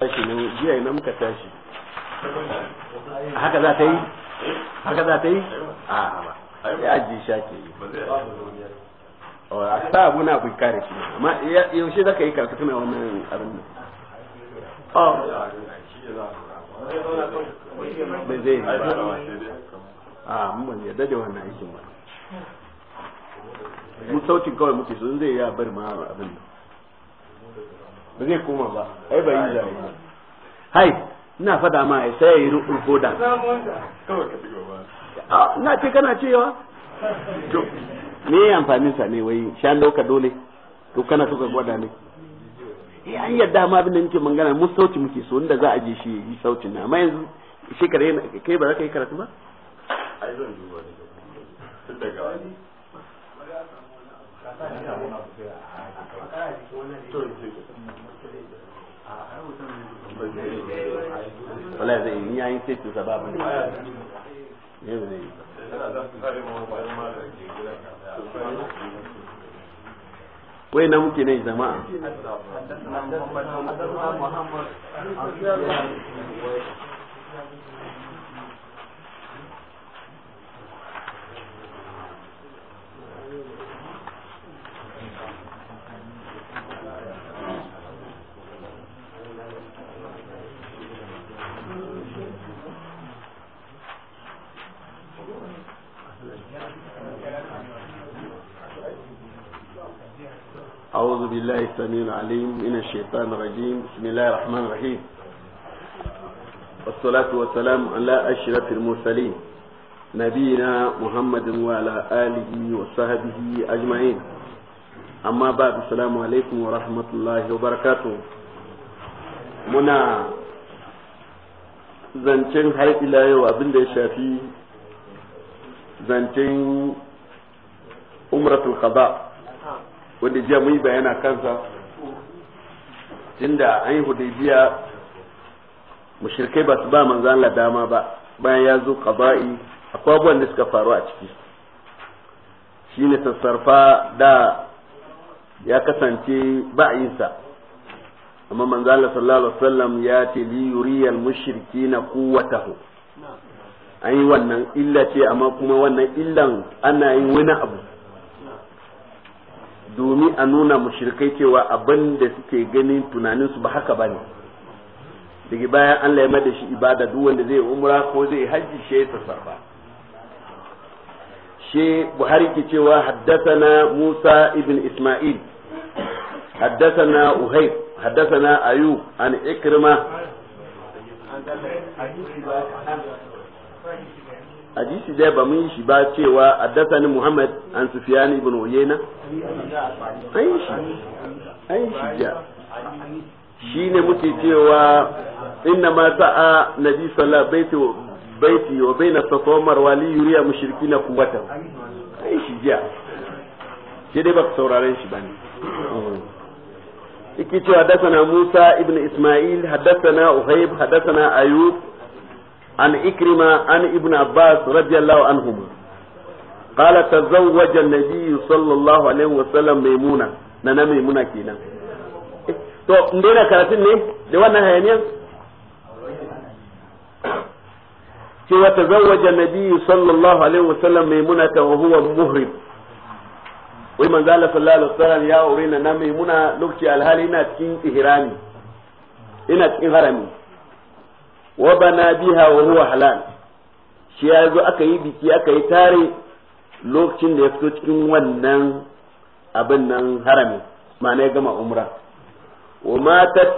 tashi nan jiya ina muka tashi haka za ta yi haka za ta yi a ba ya ji sha ke yi a sa abu na bai kare shi amma yaushe za ka yi karkatu na wannan abin nan ba zai yi a mun ban yarda da wannan aikin ba mu sautin kawai muke sun zai ya bari ma abin nan ba zai koma ba ai ba yi da zai hai ina fada ma ai sai yi rufo da na ce kana cewa me ya amfani sa ne wai shan dauka dole to kana so ka gwada ne eh an yadda ma abin da nake magana mu sauti muke so inda za a je shi yi sauti na amma yanzu shekara kai ba za ka yi karatu ba ai zan duba ne tun daga wani wala zai yi yayin ce sa ba mun ne ne wai na muke ne jama'a أعوذ بالله السميع العليم من الشيطان الرجيم بسم الله الرحمن الرحيم والصلاة والسلام على أشرف المرسلين نبينا محمد وعلى آله وصحبه أجمعين أما بعد السلام عليكم ورحمة الله وبركاته منا زنتين هاي إلى وابن abin زنتين أمرة shafi wanda jiya mun yi bayana kansa tunda an yi hudaybiya mushrikai ba su ba manzan Allah dama ba bayan ya zo qaba'i akwai abubuwan da suka faru a ciki shi ne sassarfa da ya kasance ba'insa amma manzo Allah sallallahu alaihi wasallam ya ce li yuriyal mushrikina quwwatahu an yi wannan illa ce amma kuma wannan illan ana yin wani abu domin a nuna mushrikai cewa abin da suke ganin tunanin su ba haka bane daga bayan an ya da shi ibada duk wanda zai umra ko zai hajji shi ya sarfa shi Buhari ke cewa haddathana Musa ibn Isma'il haddathana Uhayb haddathana Ayub an Ikrima hadisi dai ba mun yi shi ba cewa addasani Muhammad an Sufyan ibn Uyayna an yi shi an shi ja shi ne muke cewa inna ma sa'a nabi sallallahu baiti baiti wa baina safa wa marwa li yuriya mushrikina quwwatan an yi shi ja shi dai ba ku sauraren shi bane yake cewa haddasana Musa ibn Isma'il haddasana Uhayb haddasana Ayub عن إكرمة abbas ابن عباس رضي الله عنهما قال تزوج النبي صلى الله عليه وسلم ميمونة نانا ميمونة كينا to ndena karatun ne da wannan hayaniyar cewa ta zawaja nabi sallallahu alaihi wasallam maimuna ta wa huwa muhrim wai manzo Allah sallallahu ya auri na maimuna lokaci alhali ina cikin ihrami harami wa bana biha wa huwa halal shi ya zo aka yi biki aka yi tare lokacin da ya fito cikin wannan abin nan harami ma'ana ya gama umra wa matat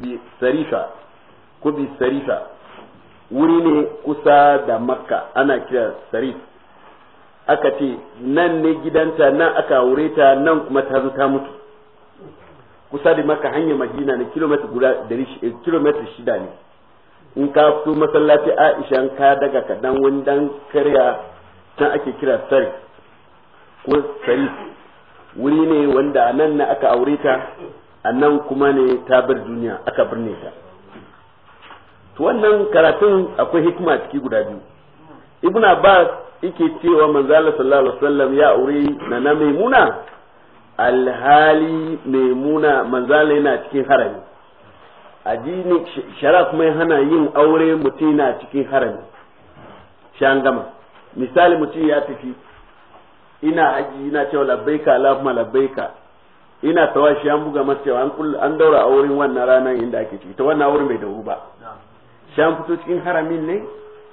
bi sarifa ku bi sarifa wuri ne kusa da makka ana kira sarif aka ce nan ne gidanta nan aka aure ta nan kuma ta zo ta mutu kusa da maka hanyar madina ne kilomita guda eh, kilomita shida ne in ka fito masallaci aisha ka daga kadan wani dan karya can ake kira sarif ko sarif wuri ne wanda a nan na aka aure ta a nan kuma ne ta bar duniya aka birne ta to wannan karatun akwai hikima ciki guda biyu ibn abbas yake cewa manzala sallallahu alaihi wasallam ya aure na na maimuna alhali mai muna manzala yana cikin harami addini shara kuma ya hana yin aure mutum na cikin harami shan gama misali mutum ya tafi ina haji ina cewa labbaika allahumma labbaika ina tawashi an buga masa cewa an daura auren wannan ranar inda ake ciki ta wannan aure bai dauru ba shan fito cikin haramin ne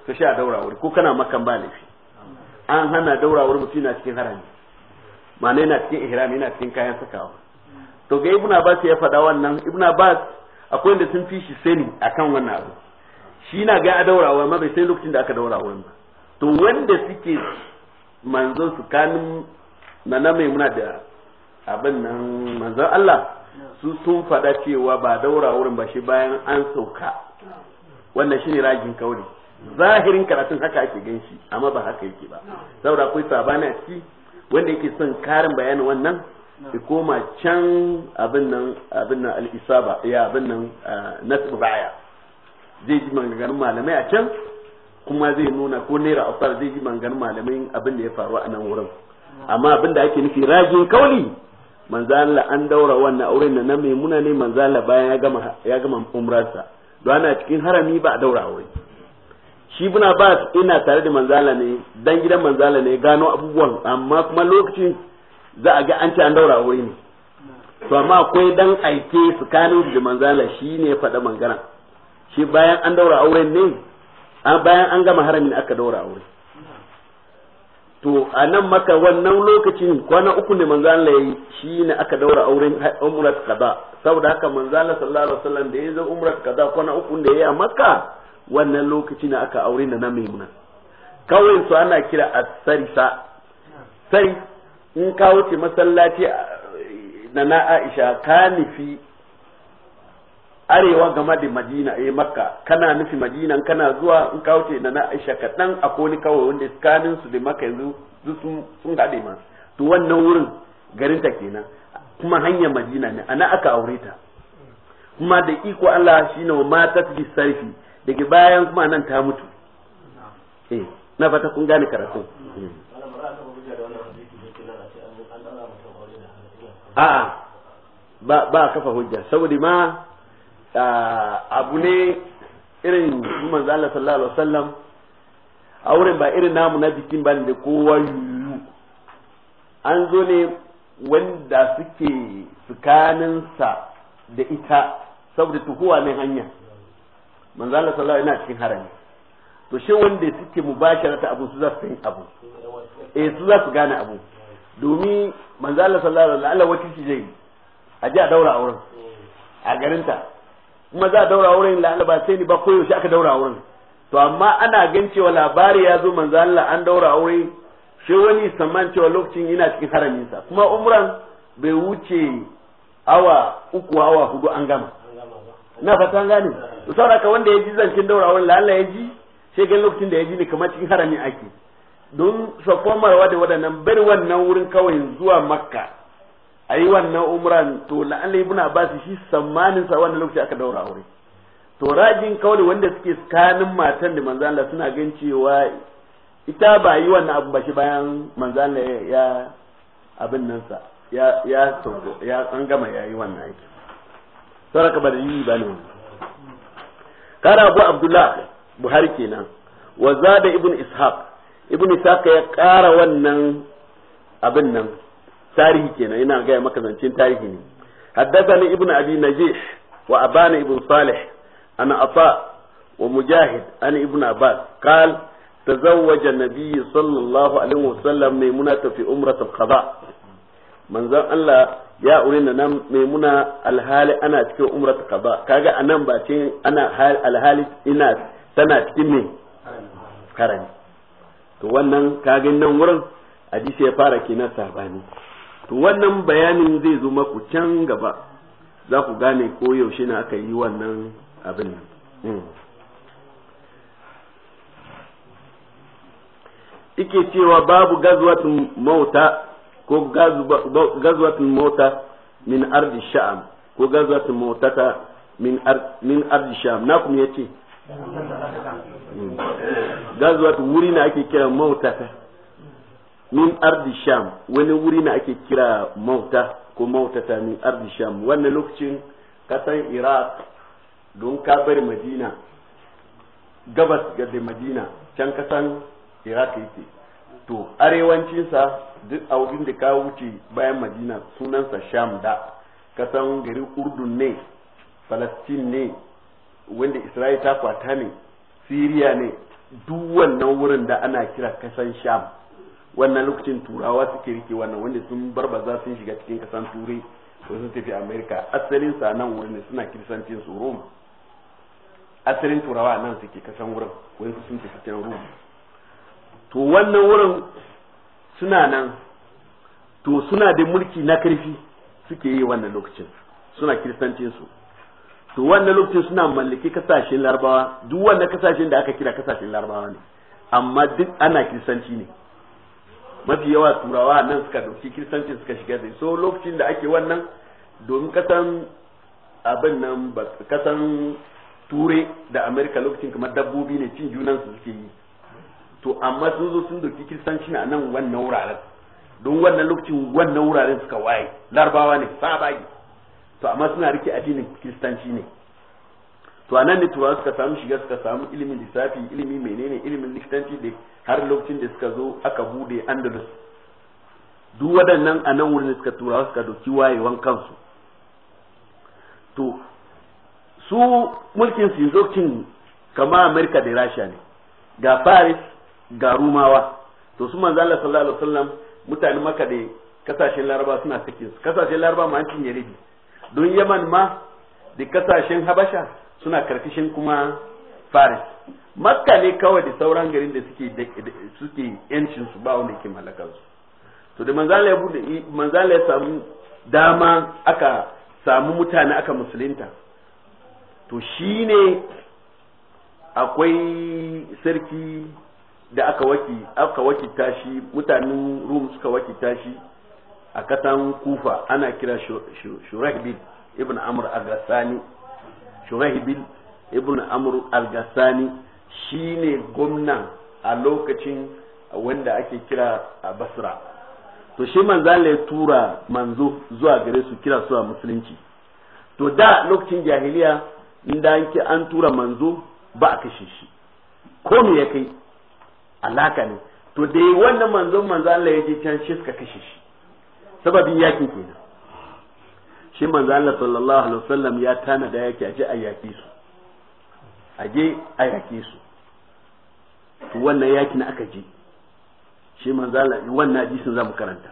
ka sha daura aure ko kana makan ba laifi an hana daura aure mutum na cikin harami ma'ana yana cikin ihram yana cikin kayan sakawa to ga ibnu abbas ya faɗa wannan ibnu abbas akwai wanda sun fi shi sani akan wannan abu shi na ga a daurawa ma bai sai lokacin da aka daura wannan to wanda suke manzo su kanin na na mai muna da abin nan manzon Allah su sun faɗa cewa ba daura wurin ba shi bayan an sauka wannan shine ragin kauri zahirin karatun haka ake gan shi amma ba haka yake ba saboda akwai sabani a ciki wanda yake son karin bayanin wannan ya koma can abin nan abin nan al-isaba ya abin nan ah, nasb baya zai ji maganganun malamai a can kuma zai nuna ko naira afar zai ji maganganun malamai abin da ya faru a nan wurin amma abin da ake nufi rajin kauli manzo Allah an daura wannan auren na maimuna ne manzo Allah bayan ya gama ya gama umrarsa don ana cikin harami ba a daura aure shi buna ba ina tare da manzala ne dan gidan manzala ne gano abubuwan amma kuma lokacin za a ga an ce an daura wuri ne to amma akwai dan aike tsakanin da manzala shi ne ya faɗa mangana shi bayan an daura auren ne bayan an gama haramin aka daura aure to a nan maka wannan lokacin kwana uku ne manzala yayi shi ne aka daura auren umrat kaza saboda haka manzala sallallahu alaihi wasallam da ya zo umrat kaza kwana uku da yayi a makka wannan lokaci na aka aure na na maimuna kawai su ana kira a sarisa sai in ka wuce masallaci na na aisha ka nufi arewa game da madina eh makka kana nufi madina kana zuwa in ka wuce na na aisha kaɗan a ni kawai wanda tsakanin su da makka yanzu sun haɗe ma to wannan wurin garinta kenan kuma hanyar madina ne ana aka aure ta kuma da iko Allah shine wa mata fi sarfi daga bayan kuma nan ta mutu eh, na fata kun gane karatu a'a ba a kafa hujja saboda ma abu ne irin manzo Allah sallallahu alaihi a wurin ba irin namu na bikin ba da kowa yuyu an zo ne wanda suke tsakaninsa da ita saboda tuhuwa ne hanya manzo Allah sallallahu alaihi wasallam cikin harami to shi wanda suke ta abu su za su san abu eh su za su gane abu domin manzo Allah sallallahu alaihi wasallam wata ce zai a ji a daura auren a garinta kuma za a daura auren la'alla ba sai ni ba shi aka daura auren to amma ana gan cewa labari ya zo manzo Allah an daura aure shi wani saman cewa lokacin yana cikin haraminsa kuma umran bai wuce awa uku awa hudu an gama na fata gane to saboda wanda ya ji zancin daura wani lalla ya ji sai ga lokacin da ya ji ne kamar cikin haramin ake don sakon marwa da waɗannan bar wannan wurin kawai zuwa makka a yi wannan umran to la'alla ibn abbas shi sammanin sa wannan lokaci aka daura aure to rajin kawai wanda suke tsakanin matan da manzo Allah suna gan cewa ita ba yi wannan abu ba shi bayan manzo Allah ya abin nan sa ya ya ya an gama yayi wannan aiki saboda ka ba da yi ba ne kara abu abdullah buhari kenan wa zada ibn ishaq ibn ishaq ya kara wannan abin nan tarihi kenan ina gaya maka zancin tarihi ne haddathani ibn abi najih wa abana ibn salih ana afa wa mujahid an ibn abbas qal تزوج النبي صلى الله عليه وسلم ميمونة في أمرة القضاء من ذا الله ya aure na nan muna alhali ana cikin umrat qada kaga anan ba ce ana alhali ina tana cikin mai karani to wannan kaga nan wurin hadisi ya fara kenan sabani to wannan bayanin zai zo maku can gaba za ku gane ko yaushe ne aka yi wannan abin nan hmm. ike cewa babu gazwatun mauta ko gazwatul mota min ardi sha'am ko gazwatul motata min ardi sha'am na kuma yace hmm. gazwatul wuri na ake kira mautata min ardi sha'am wani wuri na ake kira mauta ko mautata min ardi sha'am wannan lokacin kasan iraq don ka bari madina gabas ga madina can kasan iraq yake to arewancinsa duk a wurin da ka wuce bayan madina sunansa sham da kasan gari urdun ne falastin ne wanda isra'il ta kwata ne siriya ne duk wannan wurin da ana kira kasan sham wannan lokacin turawa suke rike wannan wanda sun barbaza sun shiga cikin kasan turai ko sun tafi america asalin sa nan wurin suna kirsantin su roma asalin turawa nan suke kasan wurin wani sun tafi can roma to wannan wurin suna nan to suna da mulki na karfi suke yi wannan lokacin suna kiristancinsu to wannan lokacin suna mallaki kasashen larabawa duk wannan kasashen da aka kira kasashen larabawa ne amma duk ana kiristanci ne mafi yawa turawa nan suka dauki kiristancin suka shiga da so lokacin da ake wannan domin kasan abin nan kasan ture da amerika lokacin kamar dabbobi ne cin junansu suke yi to amma sun zo sun doki kiristanci a nan wannan wuraren don wannan lokacin wannan wuraren suka waye larabawa ne sabagi to amma suna rike addinin kiristanci ne to anan ne turawa suka samu shiga suka samu ilimin lissafi ilimi menene ilimin likitanci da har lokacin da suka zo aka bude andalus duk waɗannan a nan wurin suka turawa suka doki wayewan kansu to su mulkin su kamar kama amerika da rasha ne ga paris garumawa to su manzo Allah sallallahu alaihi wasallam mutanen maka da kasashen laraba suna cikin su kasashen laraba ma an cinye don yaman ma da kasashen habasha suna karkashin kuma faris makka ne kawai da sauran garin da suke suke yancin su ba wanda yake mallakar su to da Allah ya bude Allah ya samu dama aka samu mutane aka musulunta to shine akwai sarki da aka waki aka waki tashi mutanen rum suka waki tashi a katan kufa ana kira shurahbil ibn amr al gassani shurahbil ibn amr al gassani shine gwamnan a lokacin wanda ake kira a basra to shi manzan ya tura manzo zuwa gare su kira su a musulunci to da lokacin jahiliya inda an tura manzo ba a kashe shi ko me ya kai alaka ne to dai wannan manzon manzo Allah yake can shi suka kashe shi sababin yakin kenan shi manzo Allah sallallahu alaihi wasallam ya tana da yake aje a yaki su aje a yaki su to wannan yakin aka je shi manzo Allah wannan hadisin zamu karanta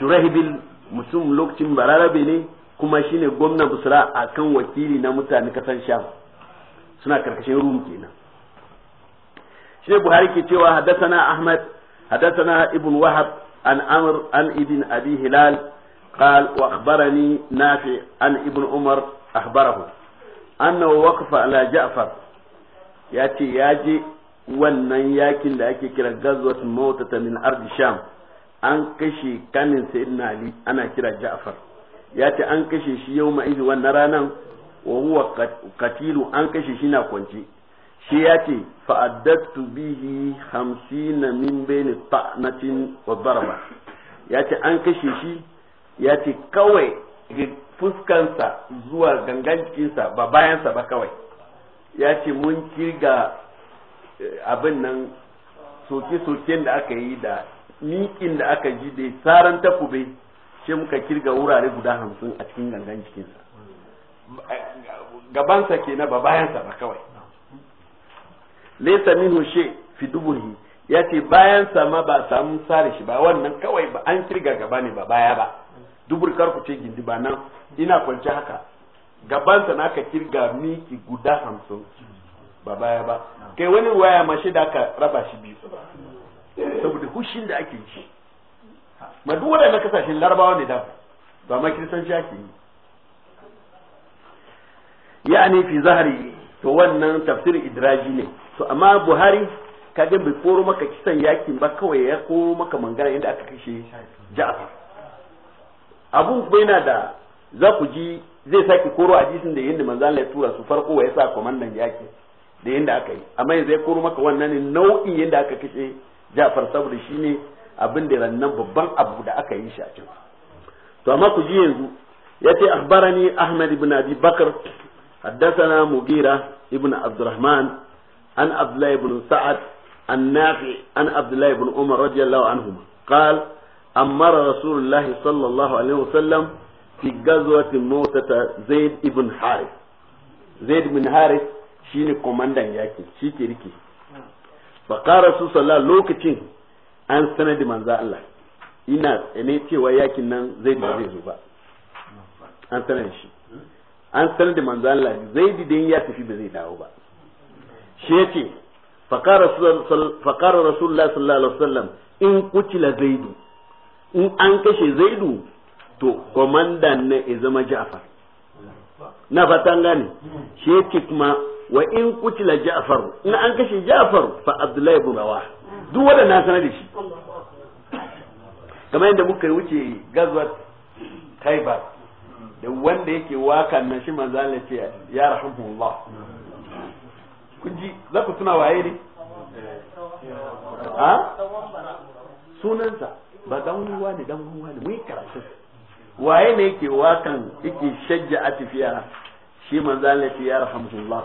shurahibil mutum lokacin bararabe ne kuma shine gwamna busra akan wakili na mutane kasan sham suna karkashin rum kenan shi buhari ke cewa haddathana ahmad haddathana ibn wahab an amr an ibn abi hilal قال واخبرني نافع عن ابن عمر اخبره انه وقف على جعفر ياتي ياجي wannan yakin da ake kira gazwat mautata min ardi sham an kashe kanin sayyidina ali ana kira ja'far ya ce an kashe shi yau ma'izu wannan ranan wa huwa katilu an kashe shi na kwance shi ya ce fa'addatu bihi na min bayni ta'natin wa darba ya ce an kashe shi ya ce kawai fuskansa zuwa gangan jikinsa ba bayansa ba kawai ya ce mun kirga eh, abin nan soke-soken da aka yi da miƙin da aka ji da tsaron takube shi muka kirga wurare guda hamsin a cikin gangan jikinsa gabansa ke na ba bayansa ba kawai laysa minhu shay fi duburihi yace bayan sama ba samu sare shi ba wannan kawai ba an kirga gaba ne ba baya ba dubur kar ku ce gindi ba nan ina kwance haka gabansa sa naka kirga miki guda hamsin ba baya ba kai wani waya ma shi da aka raba shi biyu saboda hushin da ake shi ma duk waɗannan kasashen larabawa ne da ba ma kiristanci ake yi ya'ani fi zahari to wannan tafsirin idraji ne to amma buhari kaga bai koro maka kisan yakin ba kawai ya koro maka mangana yadda aka kashe ja'far abu kuma yana da za ku ji zai sake koro hadisin da yadda manzo Allah ya tura su farko wa yasa kwamandan yaki da yadda aka yi amma yanzu ya koro maka wannan ne nau'in yadda aka kashe Ja'far saboda shine abin da rannan babban abu da aka yi shi a can to amma ku ji yanzu yace akhbarani Ahmad ibn Abi Bakr حدثنا مغيرة ابن عبد الرحمن عن عبد الله بن سعد النافع عن عبد الله بن عمر رضي الله عنهما قال أمر رسول الله صلى الله عليه وسلم في غزوة موتة زيد بن حارث زيد بن حارث komandan yaki shi ke rike fa qara su sallah lokacin an sanadi manzo Allah ina ne cewa yakin nan zai da zai zo ba an sanadi shi an sanadi manzo Allah ya tafi ba zai dawo ba shi yace faqara rasulullah sallallahu alaihi wasallam in kutila zaidu in an kashe zaidu to komandan ne ya zama ja'far na fatan gane shi yace kuma wa in kutila ja'far in an kashe ja'far fa abdullahi ibn rawah duk wanda na sanar da shi kamar yadda muka wuce gazwat khaybar da wanda yake waka nan shi manzo Allah ce ya rahimahullah kun ji za ku tuna waye ne a ah? sunansa ba dan ruwa ne dan ruwa ne mun karatu waye ne yake wakan yake shajja a tafiya shi manzo Allah ya yarhamullah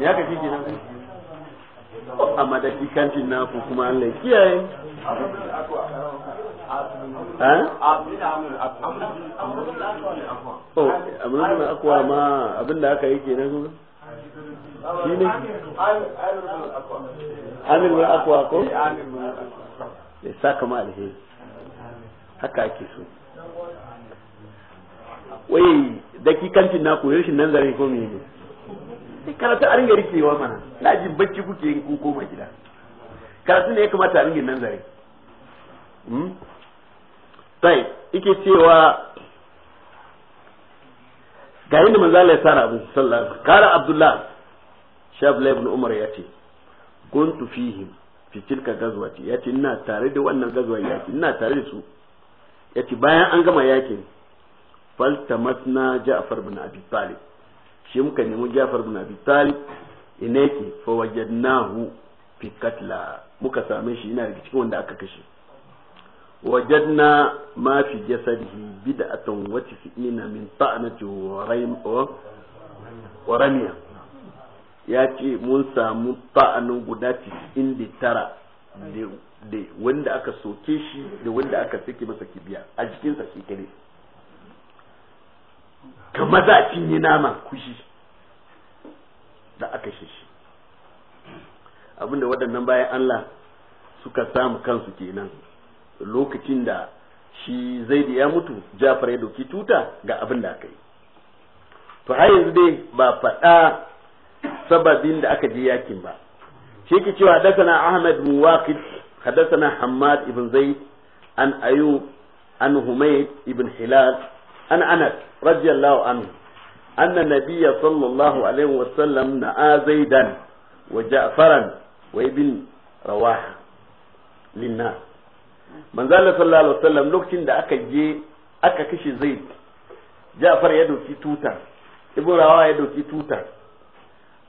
ya ka kike nan a madaki kantin na ku kuma Allah kiyaye amurna akwa ma abinda aka yi kenan shi ne amir akwa ko ya sa kama alheri haka ake so wai dakikancin na koyar shi nan zare ko mene karatu a ringa rikewa mana na jin bacci kuke yin kun koma gida karatu ne ya kamata a ringa nan zare sai ike cewa ga yadda manzo Allah ya tsara abu sallallahu alaihi kara Abdullah Shabla ibn Umar ya ce kuntu fihi fi tilka gazwati ya ce ina tare da wannan gazwa yaki ina tare da su ya ce bayan an gama yakin faltamasna Ja'far ibn Abi Talib shi muka nemi Ja'far ibn Abi Talib ina yake fa wajadnahu fi katla muka same shi ina daga cikin wanda aka kashe وجدنا ما في جسده بدعة وتسئين من طعنة ورمية ya ce mun samu ta'anin guda 99 da wanda aka soke shi da wanda aka sake masa kibiya a jikinsa shi kare kamar za a cinye nama kushi da aka shi shi abinda waɗannan bayan Allah suka samu kansu kenan lokacin da shi zaidi ya mutu jafar ya doki tuta ga abin da aka yi to har yanzu dai ba faɗa sababin da aka je yakin ba shi ke cewa hadasana ahmad bin waqid hadasana hamad ibn zaid an ayub an humayd ibn hilal an anas radiyallahu anhu anna nabiyya sallallahu alaihi wa sallam na'a zaidan wa ja'faran wa ibn rawaha linnas Allah sallallahu alaihi wasallam lokacin da aka je aka kashe zaid ja'far ya doki tuta ibn rawa ya doki tuta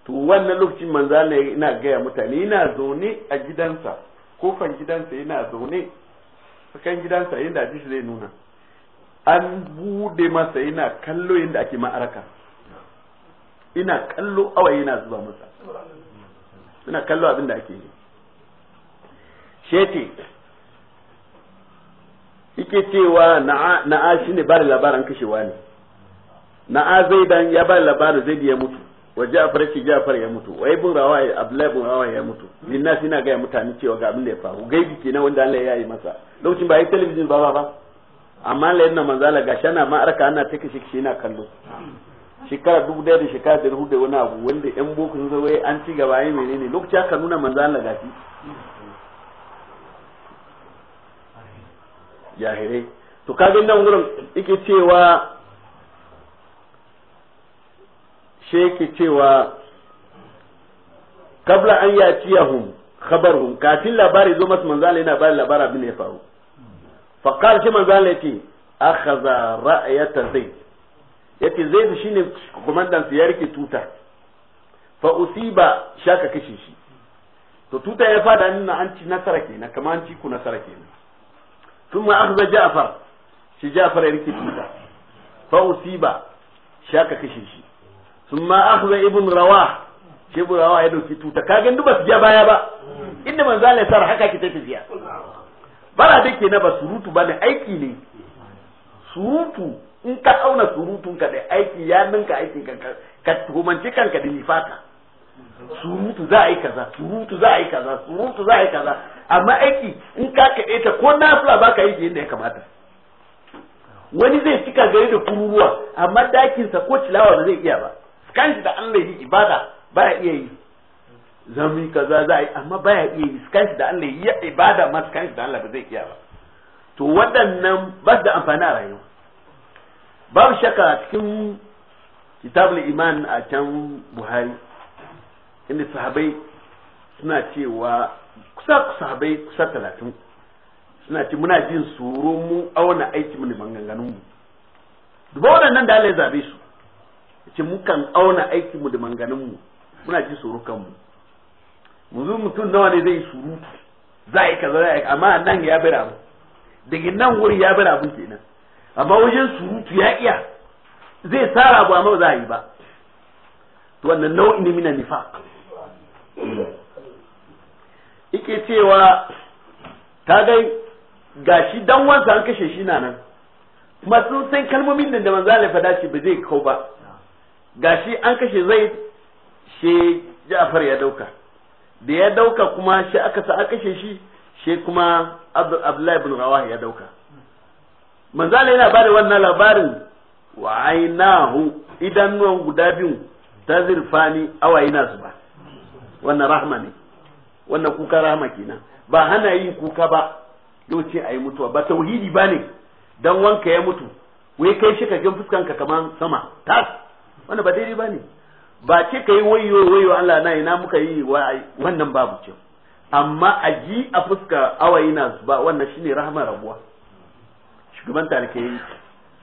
to wannan lokacin Allah ina gaya mutane ina zaune a gidansa kofan gidansa yana zaune kan gidansa inda ji zai nuna an bude masa yana kallo yadda ake ma'araka ina kallo awa yana zuba masa ina kallo abin da ake yi shete yake cewa na'a shi ne bada labarin kashewa ne na'a zaidan ya bada labarin zaidi ya mutu wa ja'far shi ja'far ya mutu wa ibn rawai abdullahi ibn rawai ya mutu linnas ina ga mutane cewa ga abin da ya faru gaibi kenan wanda Allah ya yi masa lokacin ba yi talabijin ba ba amma la yana manzala gashi ana ma arka ana ta kashe shi yana kallo shekara dubu daya da shekara da hudu wani abu wanda yan boko sun zo an ci gaba yi menene lokacin aka nuna manzala gashi jahirai to kaga nan wurin yake cewa shi yake cewa kabla an yatiyahum khabarhum kafin labari zo masu manzo yana ba labara abin ya faru fa qala shi manzo yake akhadha ra'ayata zai yake zaid shine komandan sa ya rike tuta fa usiba shaka kashe shi to tuta ya fada nuna an ci nasara kenan kamar an ci ku nasara kenan ثم أخذ جعفر شي جعفر يركي تيتا فأصيب شاك كشيشي ثم أخذ ابن رواح shi bu rawa ya dauki tuta kagan duk ba su ja baya ba inda manzo Allah ya haka ki ta tafiya bara da ke na ba surutu ba ne aiki ne surutu in ka auna surutun ka da aiki ya ninka aikin kanka ka tuhumanci kanka da nifaka surutu za a yi kaza surutu za a yi kaza surutu za a yi kaza amma aiki in ka kaɗe ta ko nafila ba ka yi yadda ya kamata wani zai cika gari da kururuwa amma dakinsa ko cilawa ba zai iya ba kanshi da Allah yi ibada ba ya iya yi zami kaza za a yi amma ya iya yi kanshi da Allah yi ibada ma kanshi da Allah ba zai iya ba to waɗannan ba da amfani a rayuwa babu shakka cikin kitabul iman a can buhari inda sahabai suna cewa kusa sahabai kusa talatin suna ce muna jin tsoro mu auna aiki mu da maganganun mu duba waɗannan da Allah ya zabe su ce kan auna aiki mu da maganganun mu muna jin tsoro kanmu mu zo mutum nawa ne zai surutu za a yi kaza za a yi amma nan ya bira mu daga nan wuri ya bira mu kenan amma wajen surutu ya iya zai sara ba amma ba za a yi ba to wannan nau'i ne mina nifaq ike cewa ta gai gashi dan wansa an kashe shi na nan kuma sun san kalmomin da manzo Allah fada shi ba zai kau ba gashi an kashe zai she Ja'far ya dauka da ya dauka kuma shi aka sa aka kashe shi she kuma Abdullahi ibn Rawah ya dauka manzo Allah yana da wannan labarin wa idan idanuwan guda biyu zirfani awayi na zuba wannan rahma ne wannan kuka rahma kenan ba hana yin kuka ba yau ce a yi mutuwa ba tauhidi ba ne dan wanka ya mutu wai kai shi ka gan fuskanka kaman sama tas wannan ba daidai ba ne ba ce ka yi wayo wayo Allah na ina muka yi wannan babu ce amma a ji a fuska awayi na ba wannan shine rahama rabuwa shugaban talike yi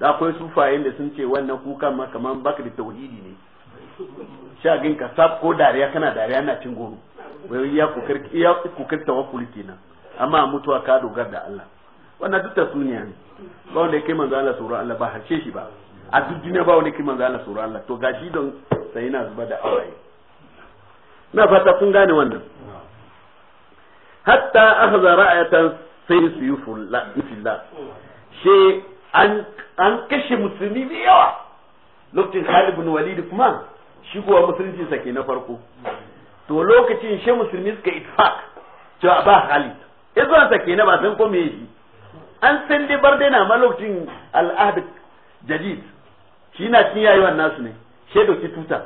da akwai sufayen da sun ce wannan kuka ma kaman baka da tauhidi ne sai a ganka sab ko dariya kana dariya na cin goro wai ya kokar ya kokar tawakkul kenan amma mutuwa ka dogara da Allah wannan duk tasuniya ne ba wanda yake manzo Allah tsoron Allah ba harshe shi ba a duk duniya ba wanda yake manzo Allah tsoron Allah to gashi don sai yana zuba da awaye na fata kun gane wannan hatta akhadha ra'atan sai su yi fulla she an an kashe musulmi da yawa lokacin Khalid bin Walid kuma shi kuwa musulunci sa na farko to lokacin shi musulmi suka itfak cewa ba hali izuwan sa sake na ba san ko me an san dai bar dai na ma lokacin al'ahd jadid shi na cin yayi nasu ne shi doki tuta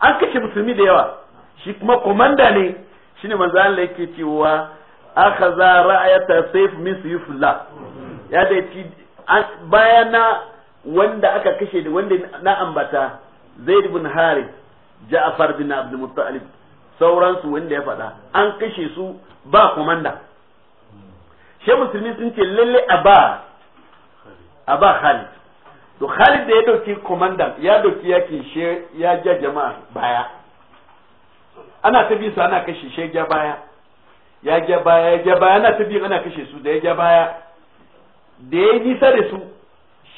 an kashe musulmi da yawa shi kuma komanda ne shine manzo Allah yake cewa akhadha ra'ayata sayf min sayfillah ya da ci bayana wanda aka kashe da wanda na ambata zaid bin harith ja'far bin abd muttalib sauransu wanda ya faɗa an kashe su ba komanda she musulmi sun ce lalle aba aba khalid to khalid da ya dauki komandan ya dauki yakin she ya ja jama'a baya ana ta su ana kashe she ja baya ya ja baya ya ja baya ana ta bi ana kashe su da ya ja baya da ya nisa da su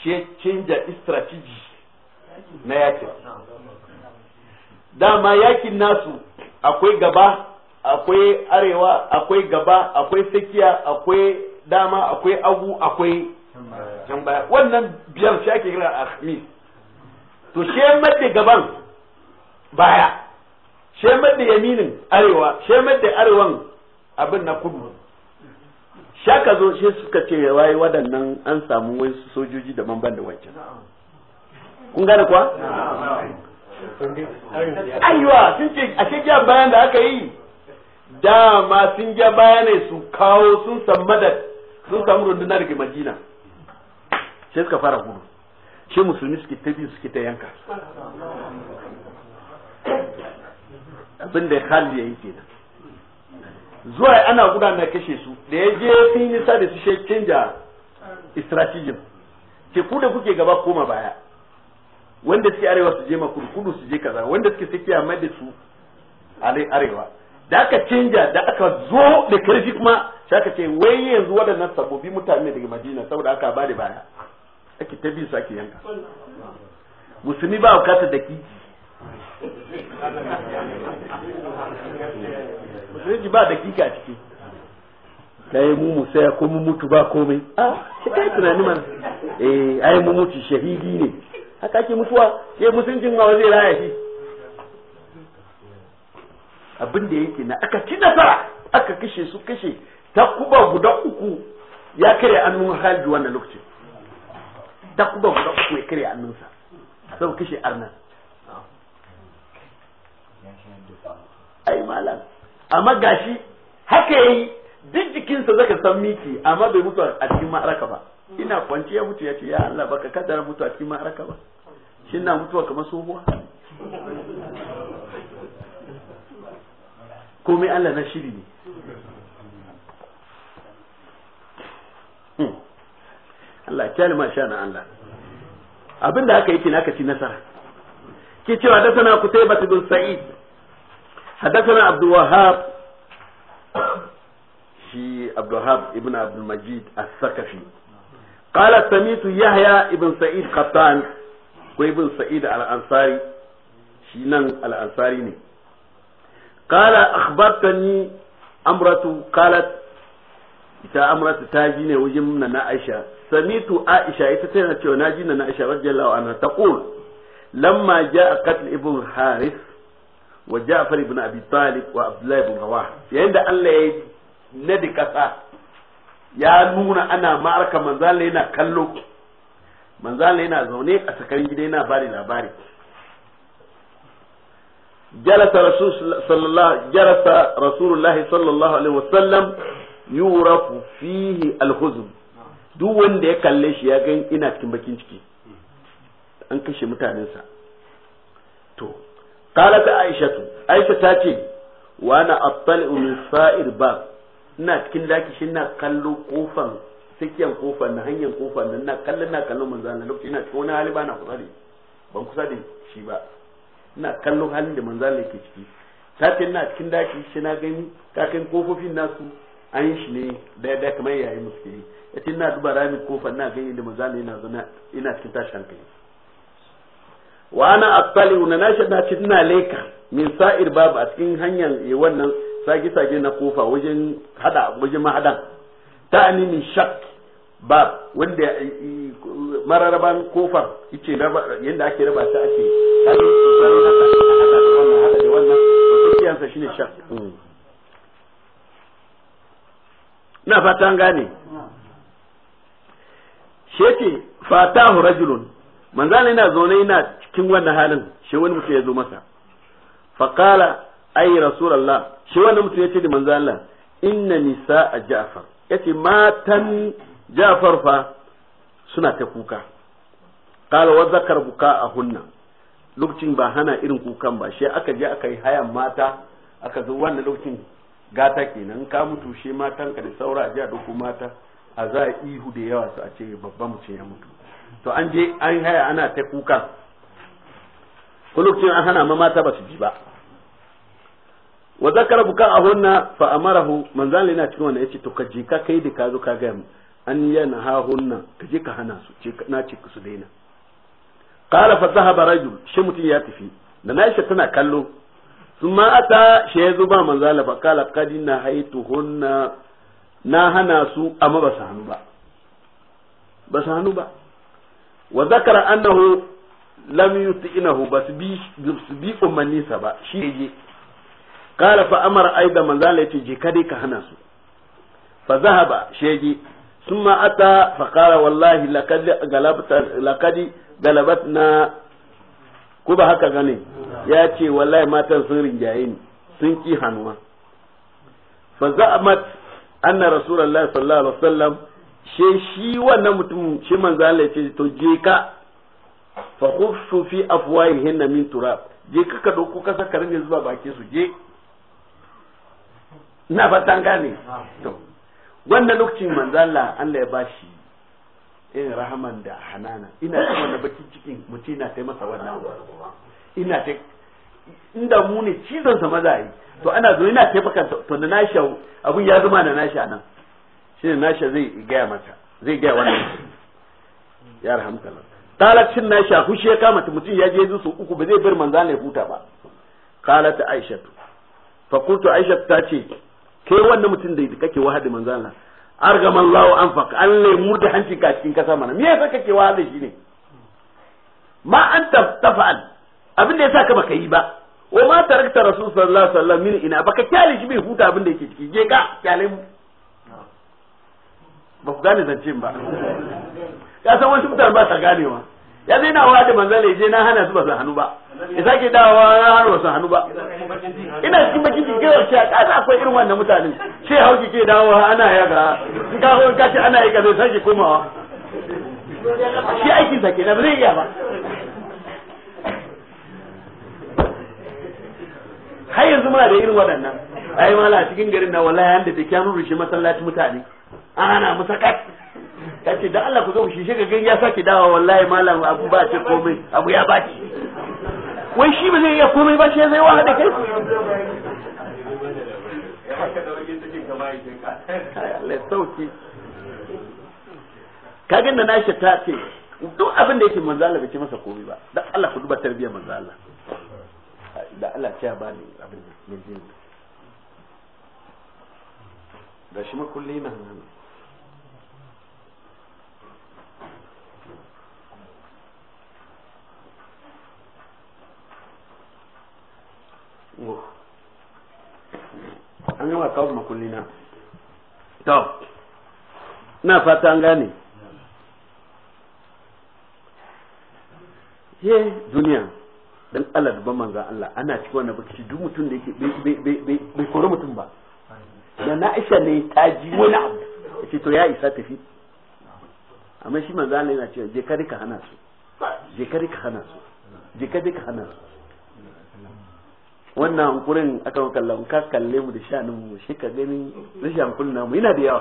she canja strategy na yakin dama yakin nasu akwai gaba akwai arewa akwai gaba akwai tsakiya akwai dama akwai agu akwai can baya wannan biyar shi ake kira akhmi to she madde gaban baya she madde yaminin arewa she madde arewan abin na kudu shaka zo shi suka ce waye waɗannan an samu wasu sojoji daban-ban da wancan kun gane kuwa aiwa sun ce a shekiyar bayan da aka yi dama sun ja bayan ne su kawo sun san madad sun samu runduna daga madina sai suka fara gudu shi musulmi suke tafi suke ta yanka abin da Khalid ya yi kenan zuwa ana guda na kashe su da ya je sun nisa da su canja strategy ke ku da kuke gaba koma baya wanda suke arewa su je makudu kudu su je kaza wanda suke a mai da su arewa da aka canja da aka zo da karfi kuma sai aka ce wai yanzu waɗannan sabobi mutane daga madina saboda aka ba da baya ake ta biyu ake yanka musulmi ba bukatar da kiji musulmi ba dakika a ciki kai mu mu ko mu mutu ba komai a ah, kai tunani mana eh ai mu mutu shahidi ne haka ake mutuwa sai musuncin ma zai raya shi abin da yake na aka ci nasa aka kashe su kashe ta kuba guda uku ya kare annun halji wannan lokacin ta kuba guda uku ya kare annunsa sau kashe arnan ai malam amma gashi haka yayi duk jikinsa zaka san miki amma bai mutu a cikin ma'araka ba ina kwanci ya mutu ya ce ya Allah baka kaddara mutu a cikin ma'araka ba shi na mutuwa kamar tsohuwa komai Allah na shiri ne hmm. Allah kyalima sha na Allah abinda aka yi kina aka ci nasara ke cewa haddathana bata bin Sa'id haddathana Abdul Wahhab shi Abdul Wahhab ibn Abdul Majid as-Sakafi قال samitu yahya ابن sa'id qattan ko ibn sa'id al-ansari shi nan al-ansari ne amratu ita amrata ta ji ne wajen na Aisha samitu Aisha ita tana cewa na ji na Aisha na ta taqul lamma jaa qatl ibn Haris wa Ja'far ibn Abi Talib wa Abdullahi ibn Rawah yayin da Allah ya nadi kasa ya nuna ana ma'arka manzala yana kallo manzala yana zaune a tsakanin gida yana bari labari jalasa rasulullahi sallallahu alaihi wasallam yurafu fihi alhuzun. duk wanda ya kalle shi ya gan ina cikin bakin ciki an kashe mutanensa to qalat aishatu aisha ta ce wa ana attali'u min sa'ir ba ina cikin daki shi na kallo kofan sikiyan kofan na hanyar kofan nan na kallon na kallon manzo Allah lokaci ina cikin wani hali ba na kusa da ban kusa da shi ba ina kallon halin da manzo Allah yake ciki ce ina cikin daki shi na gani kakan kofofin nasu an shi ne da da kamar yayin ya yace na duba rami kofan na gani da manzo Allah yana zana ina cikin tashin hankali wa ana attali na nashi na cikin na leka min sa'ir babu a cikin hanyar wannan sage-sage na kofa wajen hada wajen mahadan ta min shak ba wanda mararaban kofar yace yadda ake raba ta ake hada da wannan kiyansa shine shak hmm. na fatan gane sheke fatahu rajulun manzana yana zaune yana cikin wannan halin shi wani mutum ya zo masa faqala ai rasulullah shi wannan mutum yace da manzo Allah inna a ja'far yace matan ja'far fa suna ta kuka qala wa zakar hunna lokacin ba hana irin kukan ba shi aka je aka yi hayan mata aka zo wannan lokacin gata kenan ka mutu shi matan ka da saura a da ku mata a za a ihu da yawa su a ce babban mutum ya mutu to an je an haya ana ta kuka ko lokacin an hana ma mata ba su ji ba wa zakara buka ahunna fa amarahu manzan yana cikin wannan yace to ka je ka kai da ka zo ka ga mu an yana ha hunna ka je ka hana su ce na ce su daina qala fa zahaba rajul shi mutum ya tafi da Aisha tana kallo summa ata shi ya zo ba manzan la qala qad inna haitu hunna na hana su amma ba su hanu ba ba su hanu ba wa zakara annahu lam yuti'nahu bas bi bi ummani ba shi je. qala fa amara aidan manzala yace je kadai ka hana su fa zahaba shegi summa ata fa qala wallahi laqad galabta laqad galabatna ko ba haka gane ya ce wallahi matan sun rinjaye sun ki hannuwa fa za'amat anna rasulullahi sallallahu alaihi wasallam she shi wannan mutum shi manzo Allah ce to je ka fa khuffu fi afwahihin min turab je ka ka dauko kasa ka rinje zuba baki su je ina fatan gane to wannan lokacin manzala Allah ya bashi in rahaman da hanana ina cikin wannan bakin cikin mutum na ta masa wannan ina ta inda mu ne cizon sa maza yi to ana zo ina taimaka to na nasha abun ya zama na nasha nan shi ne nashi zai gaya mata zai gaya wannan ya Allah talacin nasha hushe kama mutum ya je zuwa uku ba zai bar manzala ya huta ba qalat aishatu fa qultu aishatu ta ce kai wannan mutum da kake wahadi manzo Allah argama Allah anfaq an ya murda hanci ka cikin kasa mana me yasa kake wahadi shi ne ma anta tafa'al abin da yasa ka baka yi ba wa ma tarakta rasul sallallahu alaihi wasallam min ina baka kyale shi bai huta abin da yake ciki je ka kyale mu ba ku gane zancen ba ya san wasu mutane ba sa ganewa ya zai dawowa da manzan lai je na hana su ba su hannu ba ya sake dawowa na hana ba su hannu ba ina cikin bakin jiki kai a ka akwai irin wannan mutanen ce hauki ke dawowa ana ya ga in ka hau kashi ana ya ga sake komawa shi aikin sake na ba zai iya ba har yanzu muna da irin waɗannan ai mala cikin garin na wallahi yanda da take ya rushe masallaci mutane an hana mu ta ce da Allah ku zo shi shiga gan ya sake dawa wallahi malam abu ba ce komai abu ya baki wai shi ba zai iya komai ba shi zai wa da kai Allah sauki kagan da nashi ta ce duk abin da yake manzo Allah bai ce masa komai ba dan Allah ku duba tarbiyar manzo Allah da Allah ce ba ni abin da ne da shi makulli na an gama kawo makulli na to na fata an gane ye duniya dan Allah da ban manzan Allah ana cikin wannan bakici duk mutum da yake bai kori mutum ba na isha ne ta ji wani abu ce to ya isa tafi amma shi manzan Allah yana cewa je ka rika hana su je ka hana su je ka hana su wannan hankurin aka maka Allah ka kalle mu da shanin mu shi ka gani rashin hankulin namu yana da yawa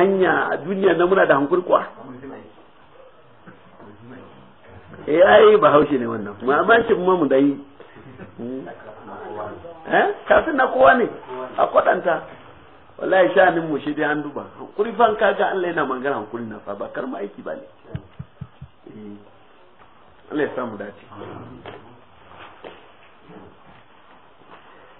hanya a duniya na muna da hankul kuwa eh ai ba haushe ne wannan ma ba shi kuma mu dai hmm? eh kafin na kowa ne a kwadanta wallahi shanin mu shi dai an duba hankuri fan kaga Allah yana magana hankulin na fa ba karma aiki ba ne eh, Allah ya samu dace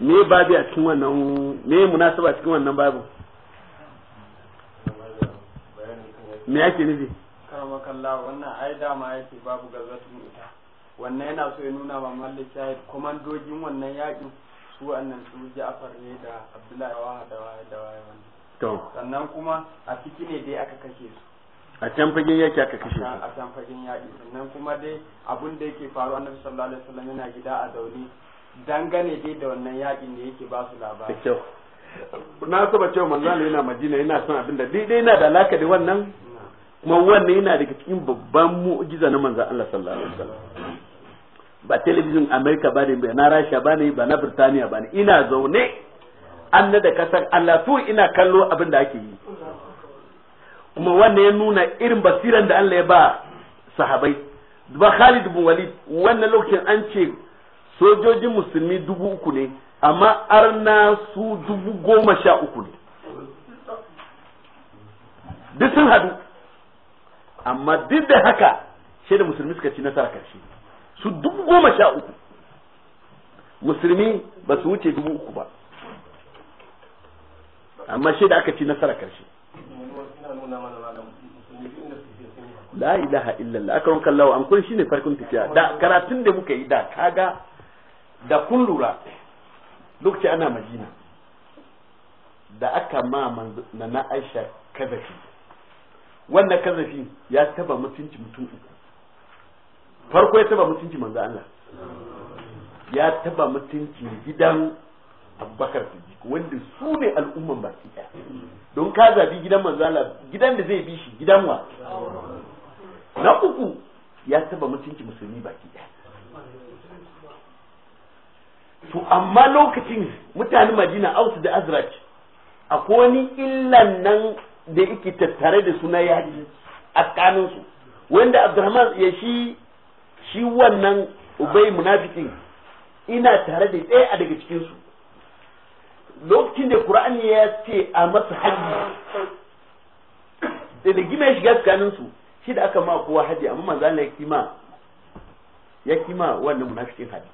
me babi a cikin wannan me munasaba cikin wannan babu me yake nufi karama kalla wannan ai dama yake babu gazatu ita wannan yana so ya nuna ba mallin shahid komandojin wannan yaki su wannan su Ja'far ne da Abdullahi wa da wa da wa to sannan kuma a ciki ne dai aka kashe su a can fagen yaki aka kashe su a can fagen yaki sannan kuma dai abun da yake faru annabi sallallahu alaihi wasallam yana gida a zaune dangane dai da wannan yakin da yake ba su labari na saba cewa manzo Allah yana Madina yana son abin da dai yana da alaka da wannan kuma wannan yana daga cikin babban mu'jiza na manzo Allah sallallahu alaihi wasallam ba telebijin America ba ne ba na Rasha ba ne ba na Birtaniya ba ne ina zaune anna da kasar Allah su ina kallo abin da ake yi kuma wannan ya nuna irin basiran da Allah ya ba sahabai ba Khalid bin Walid wannan lokacin an ce sojojin musulmi dubu uku ne amma arna su dubu goma sha uku ne duk sun hadu amma duk da haka shi da musulmi suka ci nasara karshe su dubu goma sha uku musulmi ba su wuce dubu uku ba amma shi da aka ci nasara karshe la ilaha illallah aka ronka lawa an kun shine farkon tafiya da karatun da muka yi da kaga da kun lura lokaci ana madina da aka ma na na aisha kazafi wannan kazafi ya taba mutunci mutum uku farko ya taba mutunci manzo Allah ya taba mutunci gidan abubakar siddiq wanda su ne al'umman baki ɗaya don ka zabi gidan manzo Allah gidan da zai bi shi gidan wa na uku ya taba mutunci musulmi baki ɗaya to amma lokacin mutanen madina aus da azraj akwai wani illan nan da yake tattare da suna yaji a tsakaninsu wanda abdurrahman ya shi shi wannan ubai munafikin ina tare da ɗaya a daga cikinsu lokacin da qur'ani ya ce a masa haji da da gima ya shiga tsakaninsu shi da aka ma kowa haji amma manzo Allah ya kima ya kima wannan munafikin haji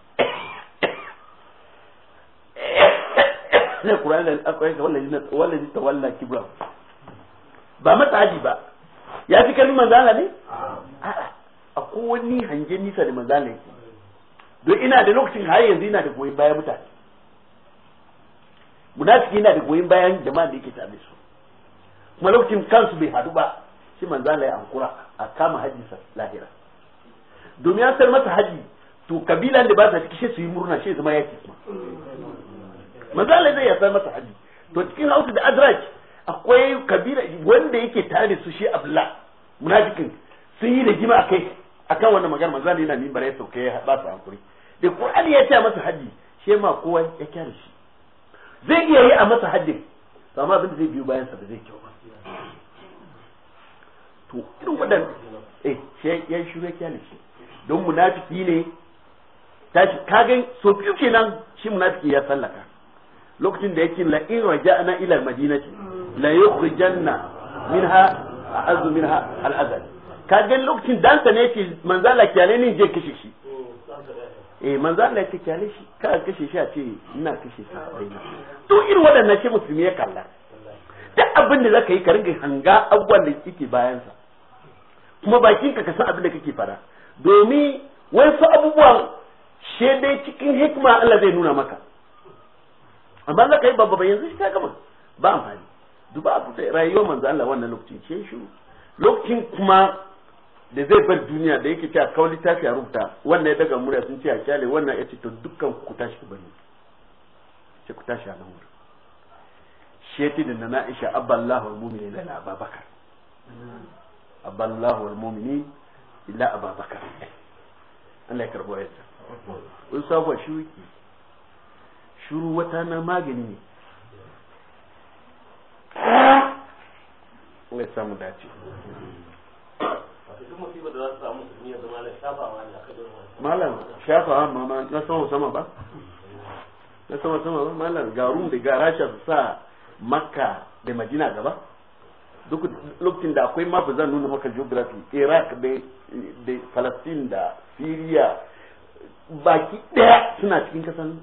sai Qur'ani da akwai wallahi wallahi tawalla kibra ba mata aji ba ya fi kalmar manzala ne a kowanne hangen nisa da manzala yake don ina da lokacin har yanzu ina da goyon bayan mutane munafiki ina da goyon bayan jama'a da yake tare su kuma lokacin kansu bai hadu ba shi manzala ya ankura a kama hajjinsa lahira domin ya san masa haji to kabilan da ba sa ciki shi su yi murna shi zama yaki kuma mazalai Allah zai yasa masa haji to cikin Hausa da Azraj akwai kabila wanda yake tare su shi abla munafikin sun yi da rigima akai akan wannan magana maza Allah yana minbar ya sauke ya ba su hankuri da Qur'ani ya ce masa haji shi ma kowa ya kyale shi zai iya yi a masa haddin to amma abin da zai biyo bayan sa ba zai kyau ba to irin wadan eh shi ya shiru ya kyale shi don munafiki ne tashi kagan so biyu kenan shi munafiki ya sallaka lokacin da yake la in raja'na ila madinati la yukhrijanna minha azu minha al-azal ga lokacin dan sa ne yake manzala kyale ne je kishi shi eh manzala yake kyale shi ka kishi shi a ce ina kashe shi to irin waɗannan shi musulmi ya kalla duk abin da zaka yi ka ringa hanga abubuwan da yake bayan sa kuma bakin ka san abin da kake fara domin fa abubuwan shedai cikin hikma Allah zai nuna maka amma za ka yi babba yanzu shi ta gama ba amfani duba abu da rayuwar manzo Allah wannan lokacin ce shi lokacin kuma da zai bar duniya da yake cewa kawai littafi a rubuta wannan ya daga murya sun ce a kyale wannan ya ce to dukkan ku tashi ku bari ce ku tashi a nan wurin sheti da na Aisha abba al wal mu'mini ila Abubakar abba al wal mu'mini ila Abubakar Allah ya karbo ayyuka wani sabuwar shi wiki shuru wata na magani ne ya samu dace malam shafawa ma na sama sama ba na sama sama ba malam garu da garasha su sa makka da madina gaba duk lokacin da akwai mafi zan nuna maka geography iraq da palestine da syria baki daya suna cikin kasan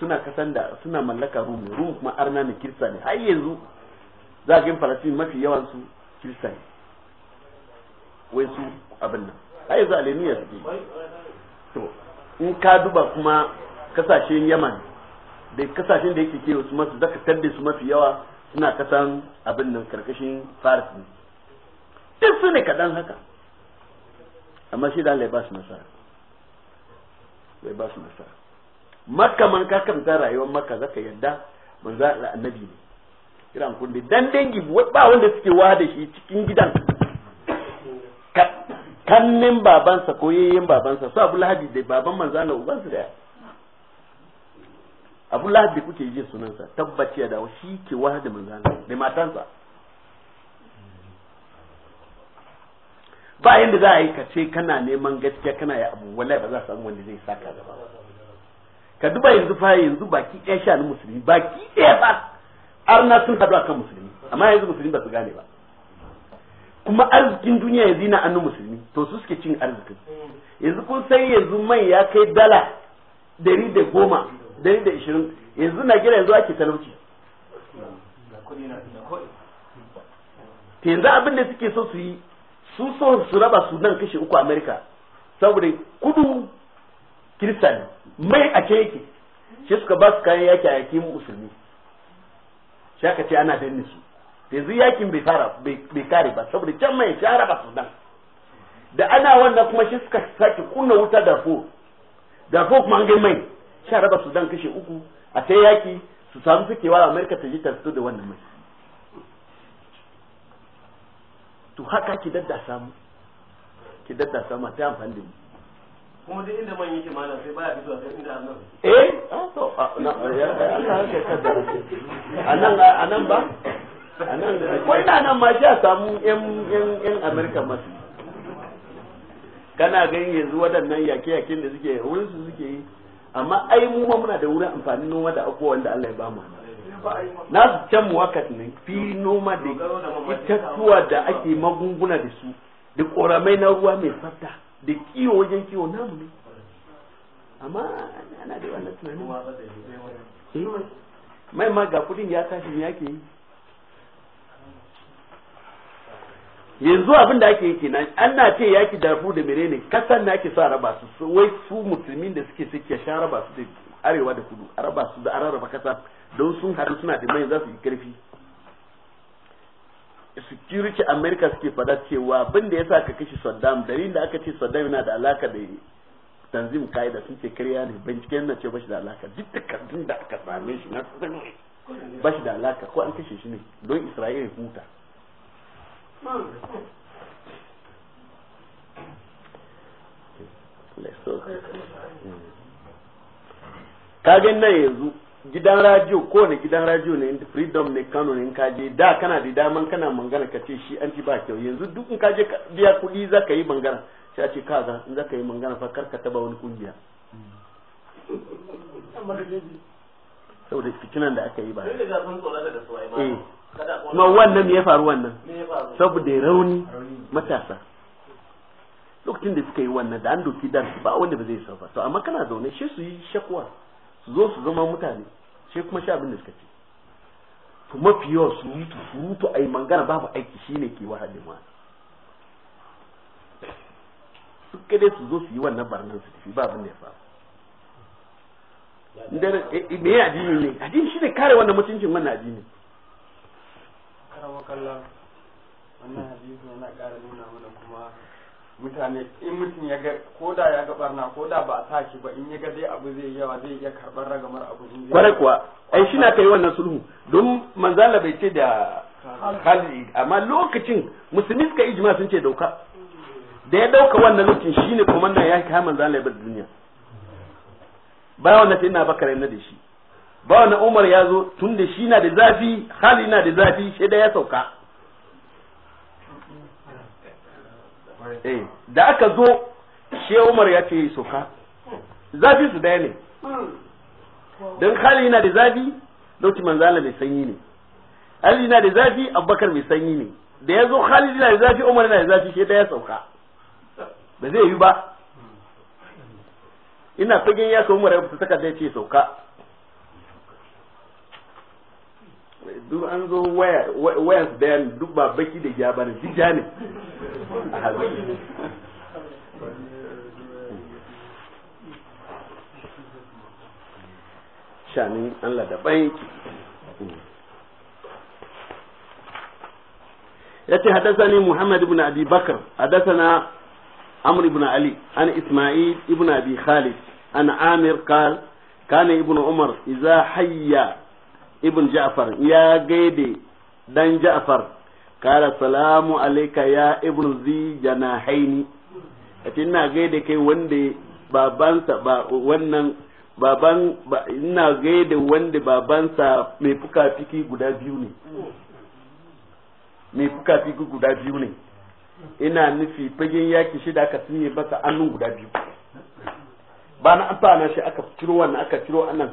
suna kasan da suna mallaka rum rum kuma arna ne kirista ne har yanzu za ga falastin mafi yawan su kirista ne wai su abin nan har yanzu su ke to in ka duba kuma kasashen yaman da kasashen da yake kewa su masu zaka tarde su mafi yawa suna kasan abin nan karkashin faris ne duk su ne kaɗan haka amma shi da Allah ya ba su nasara ba su nasara makka man ka kamta rayuwar makka zaka yadda manzo annabi ne kiran kundi dan dangi ba wanda suke wa da shi cikin gidan kannin babansa ko yayyen babansa su abu lahabi da baban manzo Allah ubansu da abu lahabi kuke ji sunansa tabbaci da shi ke wa da manzo Allah da matansa ba yanda za a yi ka ce kana neman gaskiya kana ya abu wallahi ba za a samu wanda zai saka gaba ka duba yanzu fa yanzu baki ɗaya sha musulmi baki ɗaya ba arna sun haɗu akan musulmi amma yanzu musulmi ba su gane ba kuma arzikin duniya yanzu na annu musulmi to su suke cin arzikin yanzu kun san yanzu mai ya kai dala dari da goma dari da ishirin yanzu na gina yanzu ake talauci yanzu abin da suke so su yi su so su raba su nan kashe uku amerika saboda kudu kirista ne mai a ce yake shi suka ba su kayan yaki a yaki mu musulmi shi aka ce ana danne su yanzu yakin bai fara bai kare ba saboda can mai shi haraba sudan da ana wannan kuma shi suka sake kunna wuta da fo da fo kuma an gai mai shi haraba sudan kashe uku a ta yaki su samu fikewa amerika ta ji ta fito da wannan mai to haka ki dadda samu ki dadda samu ta amfani da mu. kuma duk inda man yake malam sai baya fitowa sai inda annan eh ah, to Allah ya anan ba anan da nan ma ja samu yan yan yan America masu kana ganin yanzu waɗannan yake-yaken da suke wurin su suke yi amma ai mu ma muna da wurin amfani noma da abubuwan da Allah ya bamu na can muwakat ne fi noma da itatuwa da ake magunguna da su da ƙoramai na ruwa mai tsafta da kiwo wajen kiwo namu ne amma ana da wannan tunanin eh, mai ma ga kudin ya tashi ne yake yi yanzu abin da ake yi kenan ana ce yaki darfu da ne kasan na ake sa raba su wai su musulmin da suke suke sha raba su da arewa da kudu a raba su da ararraba kasa don sun haɗu suna da mai za su yi karfi security america suke fada cewa abin da yasa ka kashe saddam dalilin da aka ce saddam yana da alaka da tanzim kaida sun ce kariya ne binciken na ce bashi da alaka duk da takardun da aka same shi na bashi da alaka ko an kashe shi ne don isra'ila huta hmm. kagan nan yanzu gidan radio ko ne gidan radio ne freedom ne kano ne je da kana da daman kana mangana ka ce shi an ci ba kyau yanzu duk in kaje biya kuɗi za ka yi mangana sai a ce kaga in za ka yi mangana fa kar ka taba wani kungiya saboda fitinan da aka yi ba eh kuma wannan me ya faru wannan saboda rauni matasa lokacin da suka yi wannan da an doki dan ba wanda ba zai sauka to amma kana zaune shi su yi shakwa su zo su zama mutane sai kuma sha abin da suka ce to mafi yawa surutu a ai mangana babu aiki shine ke wahal da mata su kada su zo su yi wannan barnan su tafi ba ne da ya faru dan eh, me ya addini ne addini shine kare wannan mutuncin wannan addini karawa kallon wannan hadisi yana ƙara nuna mana kuma mutane in mutum ya ga ko da ya ga barna ko da ba a sa shi ba in ya ga dai abu zai yawa zai iya karɓar ragamar abu in kwarai kuwa ai shi na kai wannan sulhu don manzala bai ce da Khalid amma lokacin musulmi suka ijma sun ce dauka da ya dauka wannan lokacin shine komandan ya kai manzala ya bada duniya ba wannan sai na bakare na da shi ba wannan Umar ya zo tun da shi na da zafi Khalid na da zafi shaida da ya sauka Eh, da aka zo she Umar ya ce soka zafi su daya ne don hali yana da zafi lokacin manzala mai sanyi ne Ali yana da zafi Abubakar mai sanyi ne da ya zo Khalid yana da zafi Umar yana da zafi she daya sauka ba zai yi ba ina fagen ya Umar ya fita takarda ya ce sauka duk an zo waya wayan su daya duk ba baki da ja ne dija ne shanin Allah da bai yace hadathani Muhammad ibn Abi Bakr hadathana Amr ibn Ali an Isma'il ibn Abi Khalid an Amir qal kana ibn Umar idza hayya ibn Ja'far ya gaide dan Ja'far قال السلام عليك يا ابن ذي جناحين yace ina gaida kai wanda با wannan baban ina gaida wanda babansa mai fuka-fiki guda biyu ne mai fuka-fiki guda biyu ne ina nufi fagen yaki shida aka sunye masa annu guda biyu ba na amfana shi aka ciro wannan aka ciro annan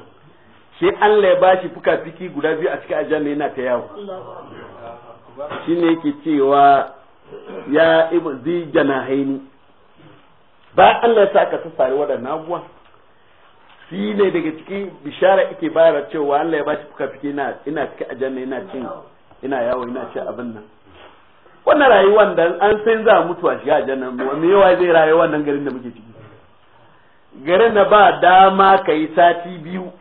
shi Allah ba shi fuka-fiki guda biyu a cikin aljanna yana ta yawo Shi ne yake cewa ya ibu jana haini ba Allah sa ka sassare waɗannan abubuwan shi ne daga cikin bishara ike bayar cewa Allah ya ba shi fuka fiki ina cikin ajiyar ina cin ina yawo ina ce abin nan wannan rayuwan da an san za a shi a shiga mu me yawa zai rayuwa nan garin da muke ciki garin na ba dama ka yi sati biyu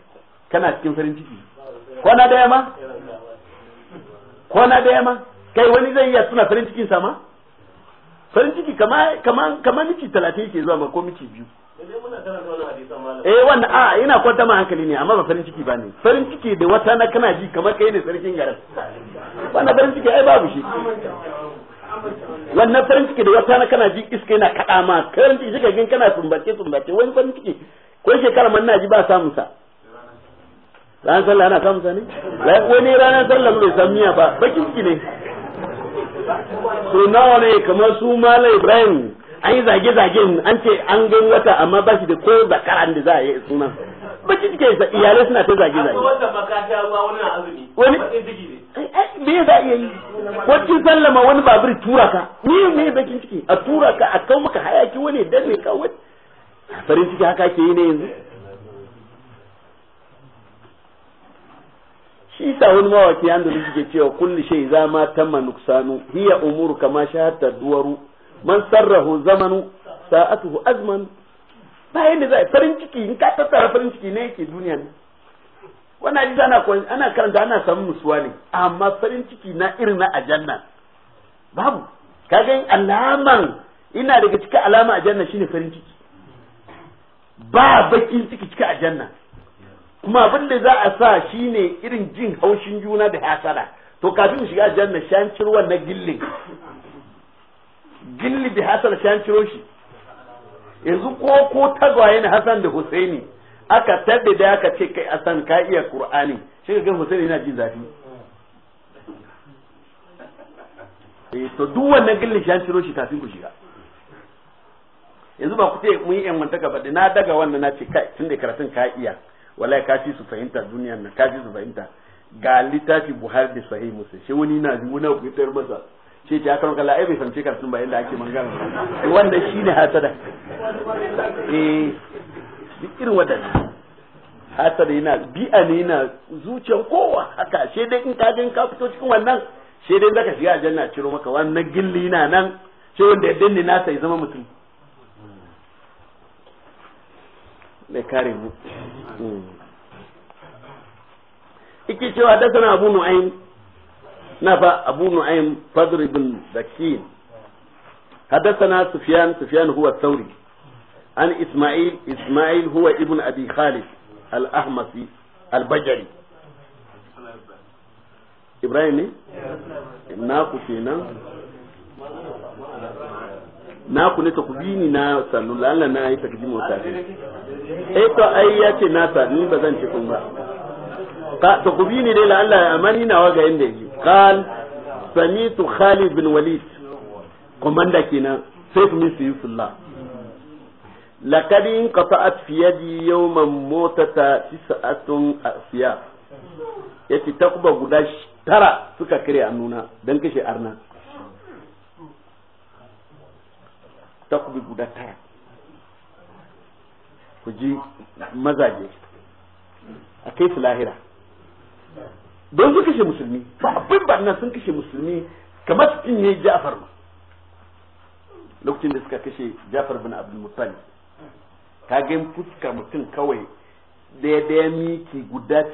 kana cikin farin ciki kwana daya ma ko na daya ma kai wani zai iya tuna farin cikin sama farin ciki kama kama kama miki 30 yake zuwa ma ko miki biyu eh wannan a ina kwanta ma hankali ne amma ba farin ciki bane farin ciki da wata na kana ji kamar kai ne sarkin garin wannan farin ciki ai babu shi wannan farin ciki da wata na kana ji iska yana kada ma farin ciki shi kana sumbace sumbace wani farin ciki ko shekara man na ji ba samu sa ranar sallah ana samun sani wani ranar sallah bai san miya ba bakin ciki ne to nawa ne kamar su mala ibrahim an yi zage zage an ce an gan wata amma ba shi da ko zakaran da za a yi sunan bakin ciki ne iyalai suna ta zage-zage wani eh, eh, me za a yi wacin sallama wani babur tura ka ni me bakin ciki a tura ka a kawo maka hayaki wani dan ne kawai farin ciki haka ke yi ne yanzu sa wani mawaki yanda andalus ke cewa kulli shay za ma tamma nuksanu hiya umuru kama shahatta duwaru man sarrahu zamanu sa'atuhu azman ba yanda za farin ciki in ka tattara farin ciki ne yake duniya ne wannan hadisi ana ana karanta ana samu musuwa ne amma farin ciki na irin na ajanna babu kaga alaman ina daga cikin alama ajanna shine farin ciki ba bakin ciki cikin ajanna kuma abin da za a sa shine irin jin haushin juna da hasada to kafin shiga janna shan ciro wannan gillin gilli da hasada shan ciro shi yanzu ko ko tagwaye na Hassan da Husaini aka tabbe da aka ce kai Hassan ka iya Qur'ani shi ga Husaini yana jin zafi eh to duk wannan gillin shan ciro shi kafin ku shiga yanzu ba ku ce mun yi yan mantaka ba na daga wannan na ce kai tun da karatun ka iya wallahi ka ci su fahimta duniyar nan ka ci su fahimta ga littafi buhari da sahih musu shi wani na ji wani abu ya masa ce ta kan kala ai bai fahimci karatun ba yadda ake mangana. wanda shi ne hasada eh duk irin waɗannan hasada yana bi'a ne yana zuciyar kowa haka shi dai in ka ka fito cikin wannan shi dai zaka shiga aljanna ciro maka wannan gilli na nan shi wanda ya danne nasa ya zama mutum bai kare mu hmm. ike cewa da sana abu nu'aim na fa abu nu'aim fadr ibn sufyan sufyan huwa an isma'il isma'il huwa ibn abi khalid al-ahmasi al ibrahim na ku kenan na ku ne ta na e to ai ya ce nasa ni ba zan ci kun ba to ku bi ni dai la Allah amma ni nawa ga yanda yake qal samitu Khalid bin Walid komanda kenan sai ku min yusulla laqad inqata'at fi yadi yawman mutata tis'atun asya yace takuba guda tara suka kire annuna dan kashe arna takubi guda tara ku ji mazaje a kai su lahira don su kashe musulmi ba abin ba nan sun kashe musulmi kamar su cinye jafar ba lokacin da suka kashe jafar bin abdul muttalib ka ga fuskar mutum kawai daya daya miki guda 99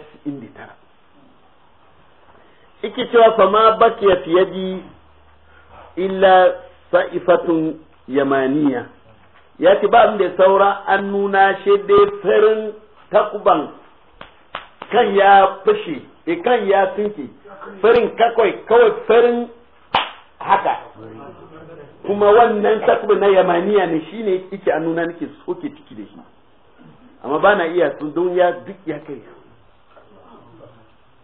ike cewa fama ma bakiya fi yadi illa sa'ifatun yamaniya ya ce ba da saura an nuna shi da farin takuban kan ya fashe e kan ya tunke farin kakwai kawai farin haka kuma wannan takuban na yamaniya ne shine ike an nuna nake soke ciki da shi amma ba na iya sun don ya duk ya kai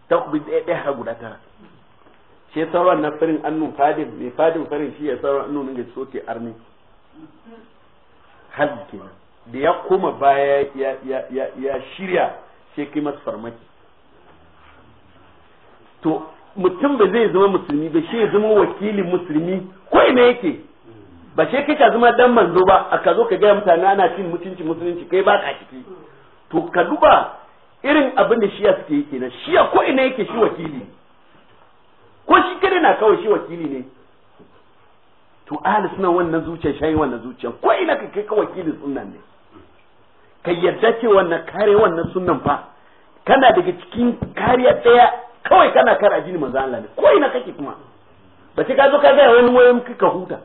takubin ɗaya ɗaya har guda tara shi sauran na farin annun fadin mai fadin farin shi ya sauran annun ga soke arni harbi da ya koma baya ya shirya sai kai masa farmaki to mutum ba zai zama musulmi ba shi ya zama wakilin musulmi ko ina yake ba shi kai ka zama dan manzo ba a ka zo ka gaya mutane ana cin mutunci musulunci kai ba ka ciki to ka duba irin abin da shiya suke yi kenan shiya ko ina yake shi wakili ko shi kada na kawai shi wakili ne to ahli suna wannan zuciya shayi wannan zuciya ko ina ka kai kawai kilin sunnan ne ka yadda ce wannan kare wannan sunnan fa kana daga cikin kariya daya kawai kana kara ajini manzo Allah ne ko ina kake kuma ba ce ka zo ka ga wani wayan kika huta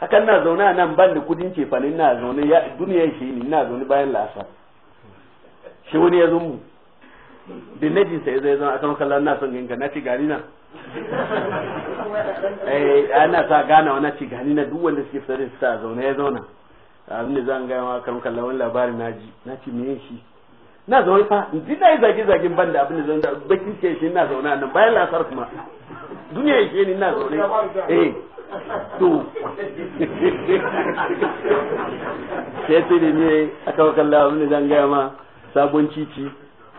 hakan na zaune nan ban da kudin cefanin na zaune duniya shi ne na zaune bayan la'asar shi wani ya zo mu da najin sai zai zama a kan kallon na son ganga na ci na eh ana sa gana wa na na duk wanda suke fitar da sa zaune ya zauna abin da zan ga ma kan kallon wani labarin na ji na ci meye shi na zaune fa din dai zage zagin ban da abin da zan da bakin ce shi na zauna nan bayan lasar kuma duniya yake ni na zaune eh to sai sai ne aka kallon abin da zan ga ma sabon cici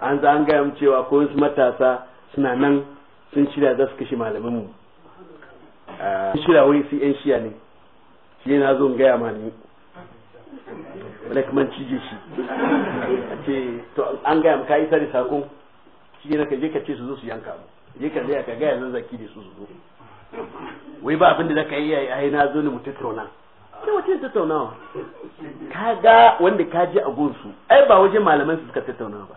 an za an gaya mu cewa ko wasu matasa suna nan sun shirya za su kashe malaminmu. sun shirya wani su yan shiya ne shi na zo gaya ma ni wani kuma cije shi A ce to an gaya mu ka isa da sakon shi ne ka je ka ce su zo su yanka mu je ka zai ka gaya zan zaki da su su zo wai ba abin da zaka yi ai na zo ne mu tattauna ke wace tattaunawa ka ga wanda ka je a gonsu ai ba waje malaman su suka tattauna ba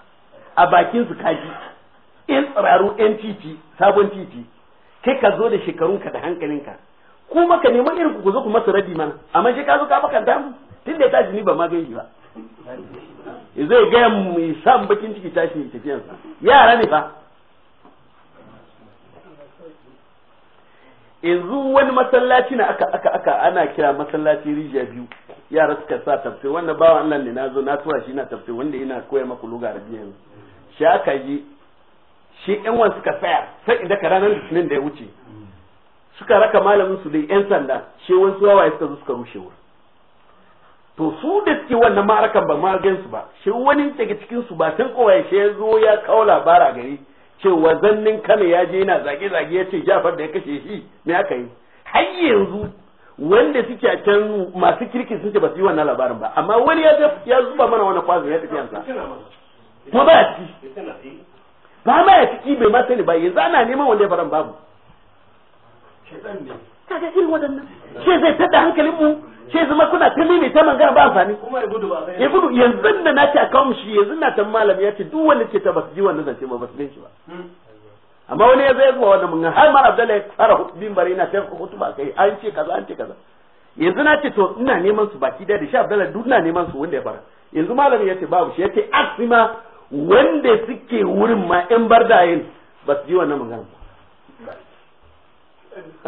a bakin su kaji in tsiraru yan titi sabon titi kai ka zo da shekarunka da hankalinka ku maka neman irin ku zo ku masa rabi mana amma shi ka zo ka baka damu tun da ya tashi ni ba ma gani ba zai gaya mu sam bakin ciki tashi sa yara ne fa yanzu wani masallaci na aka aka aka ana kira masallaci rijiya biyu yara suka sa tafsir wannan bawan Allah ne nazo na tura shi na tafsir wanda ina koya maku lugar arabiya yanzu shi aka yi shi yan wan suka tsaya sai idan ka ranar litinin da ya wuce suka raka malamin su da yan sanda shi wasu wawaye suka zo suka rushe wurin to su da suke wannan ma'arakan ba ma su ba shi wani daga cikin su ba tun kowa shi ya zo ya kawo labara gari cewa zannin kano ya je yana zage-zage ya ce jafar da ya kashe shi me aka yi har yanzu wanda suke a can masu kirki sun ce ba su yi wannan labarin ba amma wani ya zuba mana wani kwazo ya tafi yansa ba ba ci ba ma ya ciki bai ma sani ba yanzu ana neman wanda ya faran babu kaga irin waɗannan ce zai tada hankalin mu ce zama kuna ta mimi ta mangara ba amfani ya gudu yanzu da na ce a kawo yanzu na ta malam ya ce duk wanda ce ta basu ji wannan zance ba basu ba hmm. amma wani ya zai zuwa wannan mun har mar abdullahi fara bin bare na ta hutuba kai an ce kaza an ce kaza yanzu na ce to ina neman su baki da da sha abdullahi duk na neman su wanda ya fara yanzu malami ya ce babu shi ya ce asima wanda suke wurin ma yan yin ba su ji wannan magana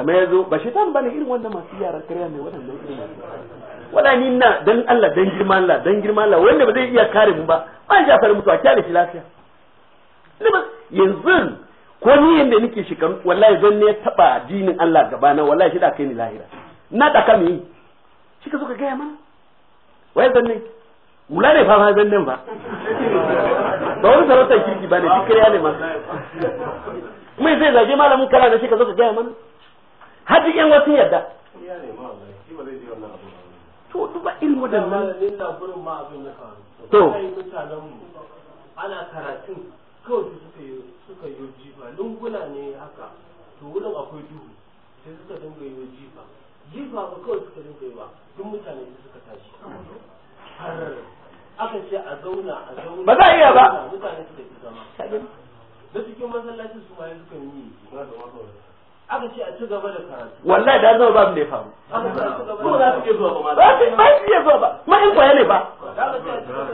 ba ya yanzu ba shi ba bane irin wanda masu yara karya mai waɗannan irin waɗannan na dan Allah dan girma Allah dan girma Allah wanda ba zai iya kare mu ba an shi fara mutuwa kyale shi lafiya yanzu ko ni yanda nake shekaru wallahi zan ne taba dinin Allah gaba na wallahi shi da kai ni lahira na da kami shi ka zo ka gaya mana wai zan ne mula ne fa zan ne ba ba wani sarautar kirki ba ne duk kariya ne masu mai zai zage malamin kara da shi ka zo ka gaya mana hajji yan wasu yadda to duba irin waɗannan to ana karatun kawai suka yi suka yi jifa lunguna ne haka to wurin akwai duhu sai suka dinga yi jifa jifa ba kawai suka dinga yi ba duk mutane suka tashi har aka ce a zauna a zauna ba za a iya ba mutane su tafi zama da cikin masallaci su ma yanzu kan yi da aka ce a ci gaba da karatu wallahi da zama babu ne faru ko za su iya zuwa ba ba su iya zuwa ba kuma in kwaya ne ba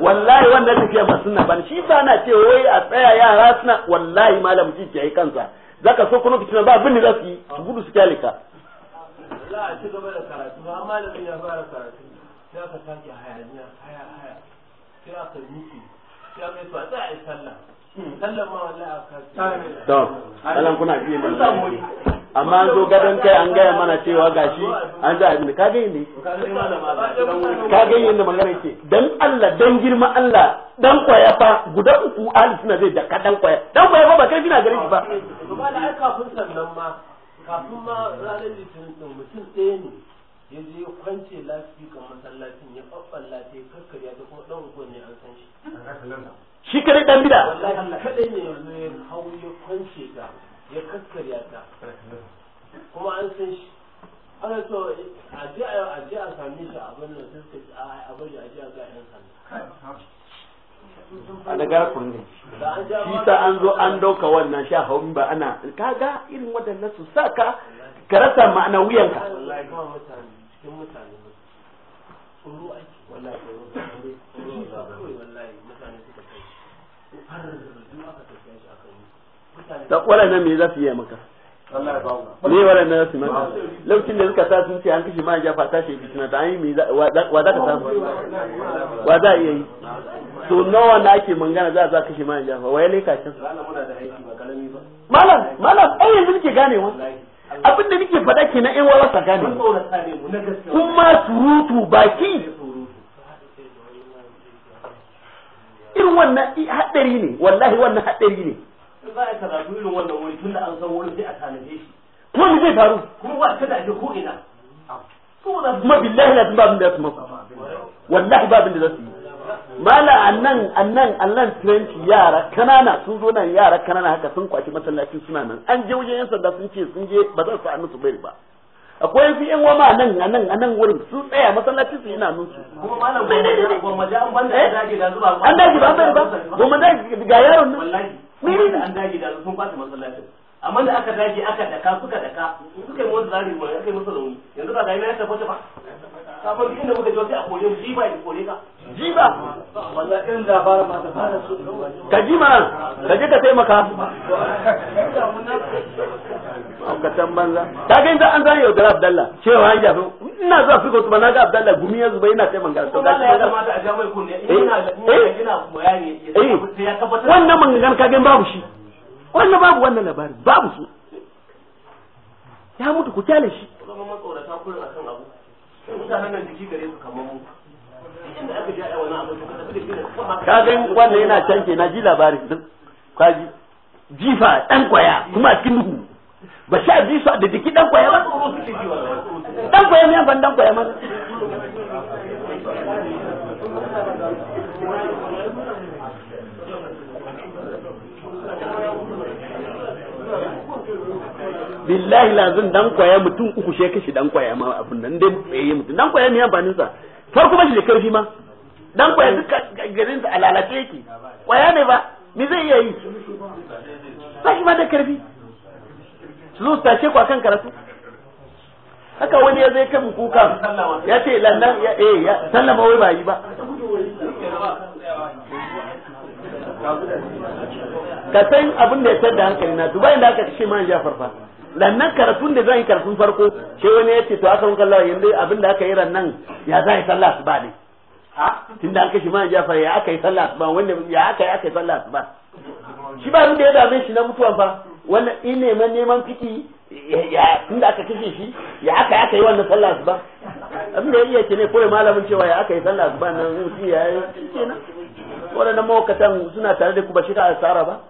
wallahi wanda tafiya ba suna ba shi ba na ce wai a tsaya yara suna wallahi malam ji yayi kansa zaka so kuma kitina ba abin da su yi su gudu su kyale ka za a ci gaba da karatu ba da ya fara karatu sai aka sake hayaniya haya haya a ma an zo gadon kai an gaya mana cewa gashi an za a yi ka yi ka magana ke dan Allah dan girma Allah dan kwaya fa guda uku ahli suna zai da ka dan kwaya dan kwaya ba kafin ma kafin ma ranar litinin mutum ɗaya ne ya je ya kwance ga masallacin ya faffalla lafi karkar ta kuma ɗan rukun ne an san shi shi kare ɗan bida wallahi kaɗai ne yanzu ya hau ya kwance ta ya ya ta kuma an san shi ana so a je a je a same shi a bari sai suka ce a bari a je a ga yan sanda a daga kunne shi sa an zo an dauka wannan sha hau ba ana kaga irin waɗannan su saka ka rasa ma'ana wuyanka cikin mutane tsoro ake wallahi tsoro tsoro kawai wallahi mutane suka kai har rubutu aka tafiya shi aka yi da waɗannan me za su yi maka me su maka lokacin da suka sa sun ce an kashe ma jafa ta shi an yi wa za ka wa za a iya yi to nawa na ake mangana za a za kashe ma jafa wa ya leka can malam malam ai yanzu nake ganewa abin da nake faɗa ke na wawa wala gane kuma surutu baki irin wannan haɗari ne wallahi wannan haɗari ne za a kuma me zai faru kuma ba kada je ko ina kuma billahi la ba abin da za su masa wallahi ba da za su yi mala annan annan annan 20 yara kanana sun zo nan yara kanana haka sun kwaci masallaci suna nan an je wajen yan sanda sun ce sun je ba zan sa su bai ba akwai fi yan wama nan a nan a nan wurin sun tsaya masallaci su ina nun su kuma malam goma da an banda an dage da zuba eh? an dage ba bai ba goma da ga yaron nan wallahi an dage da sun kwaci masallacin amma da aka dage aka daka suka daka suka yi wani zari ma aka yi masa rauni yanzu ba ga ina ya tabbata ba kafin inda muka je sai a kore mu shi ba ya kore ka jiba ka ji ma ka ji ka taimaka ka san banza ta ga inda an zai yau da Abdalla cewa an jafi ina zuwa Afrika kuma na ga Abdalla gumi ya zuba yana taimakon manga to ga ya da mata ja mai kunne eh, ina eh. ina bayani ya eh. tabbata wannan mangan ka ga babu shi wannan babu wannan labari babu su ya mutu ku kyale shi kuma matsorata kullum akan abu mutanen nan jiki gare su kamar mu kagan wannan yana can ke na ji labarin duk kwaji jifa dan kwaya kuma cikin duhu ba sha ji su da jiki dan kwaya ba dan kwaya ne ban dan kwaya ma billahi lazim dan kwaya mutum uku she kashi dan kwaya ma abun nan dai eh mutum dan kwaya ne amfanin sa far kuma shi da karfi ma dan kwaya duka garin sa alalace yake kwaya ne ba me zai iya yi shi ma da karfi su zo tashe ku akan karatu haka wani ya zai kai mu kuka ya ce lannan ya eh ya sallama wai ba yi ba ka san abin da ya sadda hankali na dubai da aka ce man jafar fa nan karatun da zan yi karatun farko sai wani ya ce to aka wanka Allah yanzu abin da aka yi ran nan ya za a yi sallah asuba ne a tun da aka shi ma fara ya aka yi sallah asuba wanda ya aka yi aka yi sallah asuba shi ba da ya dame shi na mutuwa ba wannan in neman neman fiki ya tun da aka kashe shi ya aka yi aka yi wannan sallah asuba abin da ya iya ce ne kawai malamin cewa ya aka yi sallah asuba nan mutum ya yi kenan waɗannan mawakatan suna tare da ku ba shi ka tsara ba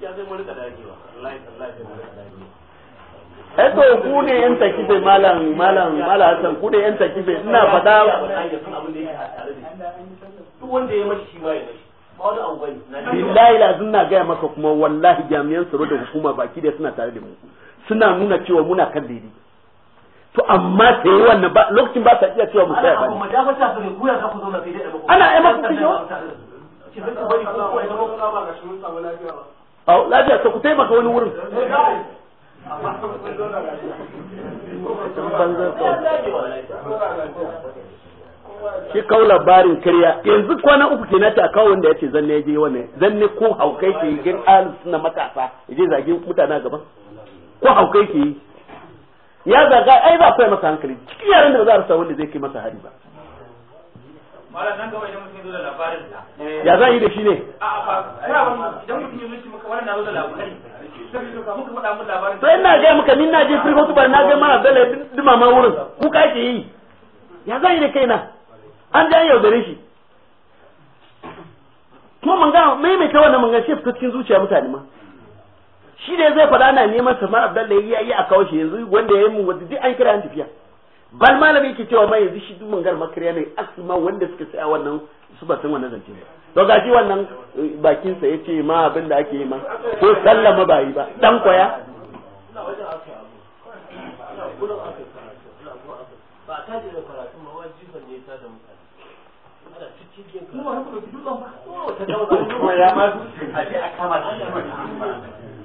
gaskiya sai mu rika dagewa wallahi wallahi ku ne yan takife malam malam malam Hassan ku ne yan takife ina fada duk wanda ya mashi shi ya mashi billahi lazim na gaya maka kuma wallahi jami'an tsaro da hukuma baki da suna tare da mu suna nuna cewa muna kan daidai to amma ta yi wannan ba lokacin ba ta iya cewa mu tsaya bane ana ai maka kiyo lafiya ta ku taimaka wani wurin shi kawo labarin karya yanzu kwana uku ke ta kawo wanda ya ce zanne ya je wannan zanne ko haukai ke yi gin alu suna matasa ya je zage mutane gaban ko haukai ke yi ya zaga ai ba kai masa hankali cikin yaran da ba za a rasa wanda zai kai masa hari ba ya za yi da shi ne to ina a muka min na je free hospital na ga mara dala dumama wurin yi ya yi da kaina an yaudare shi kuma mun ga maimaita wannan mun ga shi fita zuciya mutane ma shi da zai faɗa ana neman samar abdalla ya yi a kawo shi yanzu wanda ya yi mun wadda duk an kira an tafiya bal malami yake cewa mai yanzu shi duk gar makariya ne asma wanda suka tsaya wannan su ba san wannan zance to ga shi wannan eh, bakin sa yace ma abin da ake yi ma ko sallama ba yi ba dan koya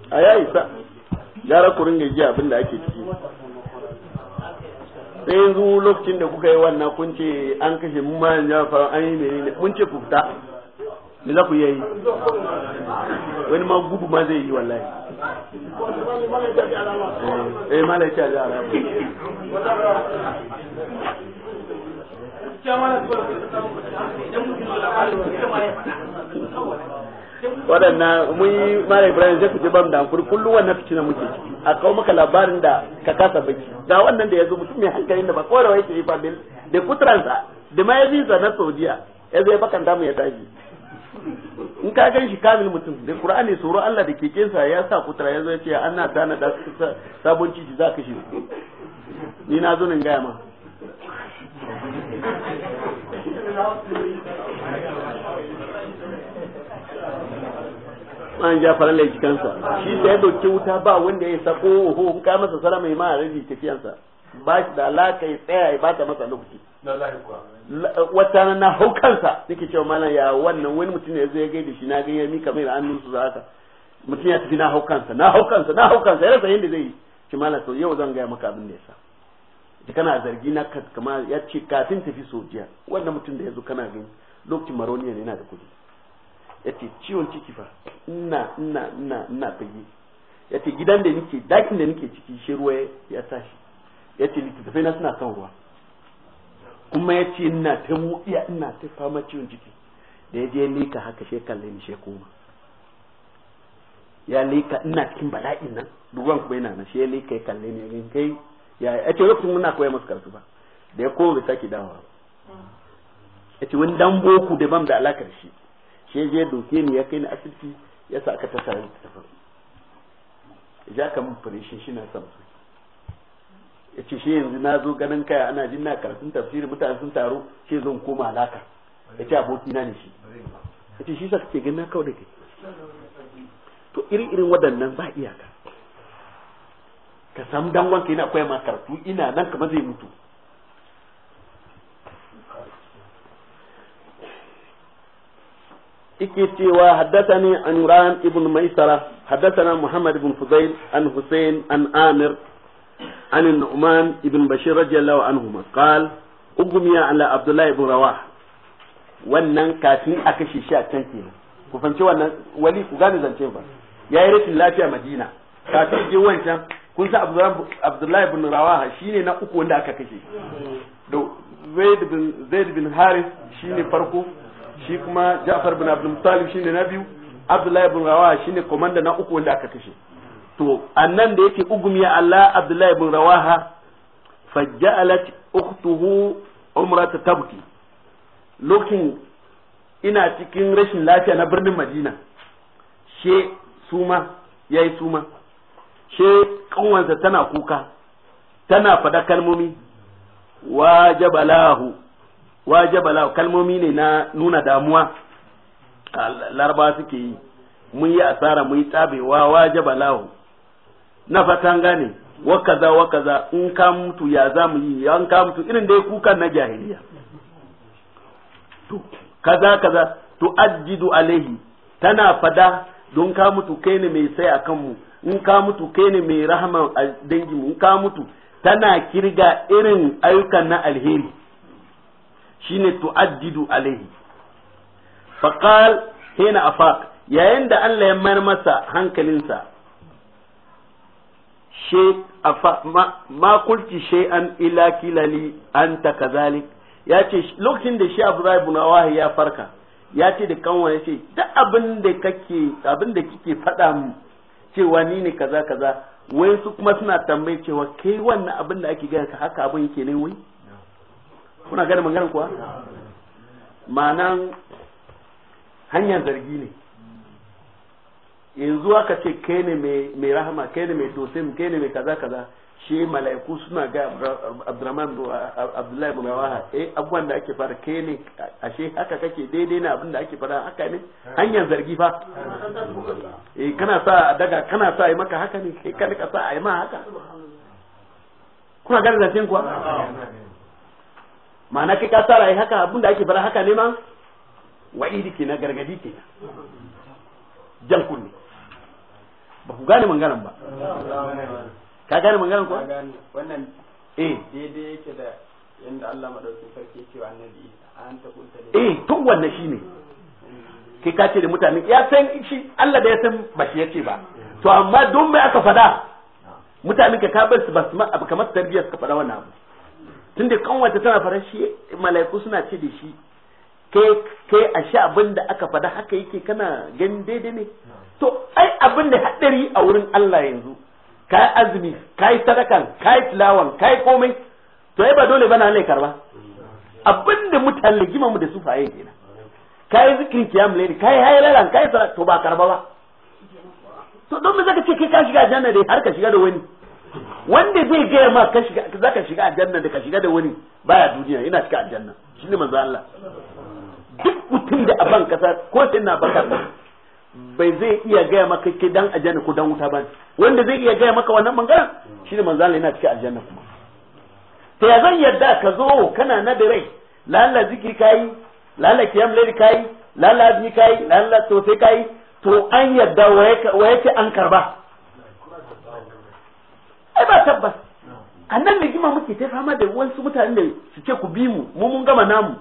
a ya sa. gara ku ringa ji abin da ake ciki sai yanzu lokacin da kuka yi wannan kun ce an kashe mu ma yanzu ya faru an yi ne kun ce kufta fita me za ku yi wani ma gudu ma zai yi wallahi eh, eh mala ce da alama jama'a waɗannan mun yi mara ibrahim zai fice bam da hankuri kullum wannan na muke a kawo maka labarin da ka kasa baki ga wannan da ya zo mutum mai hankalin da ba kawai rawai yake yi ba da kutransa da ma ya visa na saudiya ya zai bakan damu ya tashi in ka gan shi kamil mutum da qur'ani tsoro Allah da sa ya sa kutra ya zo ya ce ana tana da sabon ciki za ka shi ni na zo nan gaya ma an ja faran laifi kansa shi da ya dauki wuta ba wanda ya sako ho ka masa salama ya ma rabi tafiyansa ba shi da alaka ya tsaya ya bata masa lokaci wata na hau kansa nake cewa malam ya wannan wani mutum ne ya zo ya gaida shi na ga ya mika mai hannun su haka mutum ya tafi na hau kansa na hau kansa na hau kansa ya rasa yadda zai yi shi malam to yau zan gaya maka abin da ya sa da kana zargi na kama ya ce kafin tafi sojiya wannan mutum da ya zo kana gani lokacin maroniya ne yana da kudi yace ciwon ciki fa ina ina ina ina fage yace gidan da nake dakin da nake ciki shi ruwa ya tashi yace littattafai na suna son ruwa kuma yace ina ta muɗiya ina ta fama ciwon ciki da ya je lika haka shi kalle ni shi koma ya lika ina cikin bala'in nan ruwan kuma yana nan shi ya lika ya kalle ni ya kai ya yace lokacin muna koya masu karatu ba da ya koma bai sake dawowa mm. yace wani dan boku da bam da alakar shi shi je doke ni ya kai ni asibiti ya sa aka tasa ni tafi ja ka mun fure shi na son su ya ce shi yanzu na zo ganin kaya ana jin na karatun tafsiri mutane sun taro shi zan koma alaka ya ce abokina ne shi ya ce shi sa kake ganin na kawai da ke to irin irin waɗannan ba iyaka ka samu dangon wanka yana koya ma karatu ina nan kamar zai mutu yake cewa haddatani Imran ibn Maisara haddatana Muhammad ibn fuzail an Hussein an Amir an nu'man ibn Bashir, radiyallahu anhu عنهما قال أغمي على عبد الله بن Rawah. wannan kafin a kashe shi a can kenan ku fanci wannan wali ku gane zance ba ya yi rashin lafiya madina kafin je wancan kun sa abdullahi bin rawah shine na uku wanda aka kashe zaid bin zaid bin harith shine farko shi kuma Ja'far bin Abdul Muttalib shine na biyu Abdullahi bin Rawaha shine komanda na uku wanda aka kashe to annan da yake ugumi Allah Abdullahi bin Rawaha faj'alat ukhtuhu umrata tabki lokin ina cikin rashin lafiya na birnin Madina she suma yayi suma she kanwansa tana kuka tana fada kalmomi wa jabalahu wajaba kalmomi ne na nuna damuwa larba suke yi mun yi asara mun yi tsabewa wajaba lahu na fatan gane wa kaza wa kaza in ka mutu ya za mu yi an ka mutu irin dai kukan na jahiliya to kaza kaza to ajidu alaihi tana fada don ka mutu kai ne mai sai akan mu in ka mutu kai ne mai rahama a dangin mu in ka mutu tana kirga irin ayyukan na alheri shine tu'addidu alaihi faqal hina afaq yayin da Allah ya mayar masa hankalinsa she ma kulti shay'an ila kilali anta kazalik ya ce lokacin da shi abu ibn awahi ya farka ya ce da kanwa ya ce duk abin da kake abin da kike faɗa mu cewa ni ne kaza kaza wai su kuma suna tambaye cewa kai wannan abin da ake gaya ka haka abin yake ne wai kuna gane maganar kuwa ma'anan hanyar zargi ne yanzu aka ce kai ne mai rahama kai ne mai tosim kai ne mai kaza kaza shi mala'iku suna ga abdurrahman abdullahi bin rawaha eh abubuwan da ake fara kai ne ashe haka kake daidai na abin da ake fara haka ne hanyar zargi fa eh kana sa a daga kana sa a yi maka haka ne kai ka sa a yi ma haka kuna ganin zancen kuwa ma'ana kai ka tsara yi haka abinda ake fara haka ne ma ke na gargadi ke jan kunne ba ku gane manganan ba ka gane manganan ko wannan eh daidai yake da yanda Allah madaukakin sarki ya ce wa annabi an ta kunta eh tun wannan shine kai ka ce da mutane ya san shi Allah da ya san ba shi yace ba to amma don mai aka fada mutane ka ka bar su ba su kamar tarbiyya ka fada wannan abu tun tunda kanwata tana fara shi mala'iku suna ce da shi kai a sha abin da aka fada haka yake kana ganin daidai ne to ai abin da hadari a wurin Allah yanzu kai azumi kai sadakan kai tilawan kai komai to ai ba dole bana Allah ya karba abin da mutane gima mu da su faye kenan kai zikirin kiyam lady kai hayalalan kai to ba karba ba to don me zaka ce kai ka shiga janna dai har ka shiga da wani wanda zai gaya ma ka shiga za ka shiga aljanna da ka shiga da wani baya duniya yana shiga aljanna shi ne manzo Allah duk mutum da a ban kasa ko sai na baka bai zai iya gaya maka ke dan aljanna ko dan wuta ba wanda zai iya gaya maka wannan bangaren shi ne manzo Allah yana cika aljanna kuma to ya zan yadda ka zo kana na da rai lalla zikiri kai lalla kiyam laili kai lalla azmi kai lalla to sai kai to an yadda waye waye an karba ai ba tabbas a nan rigima muke ta fama da wasu mutane da su ce ku bi mu mu mun gama namu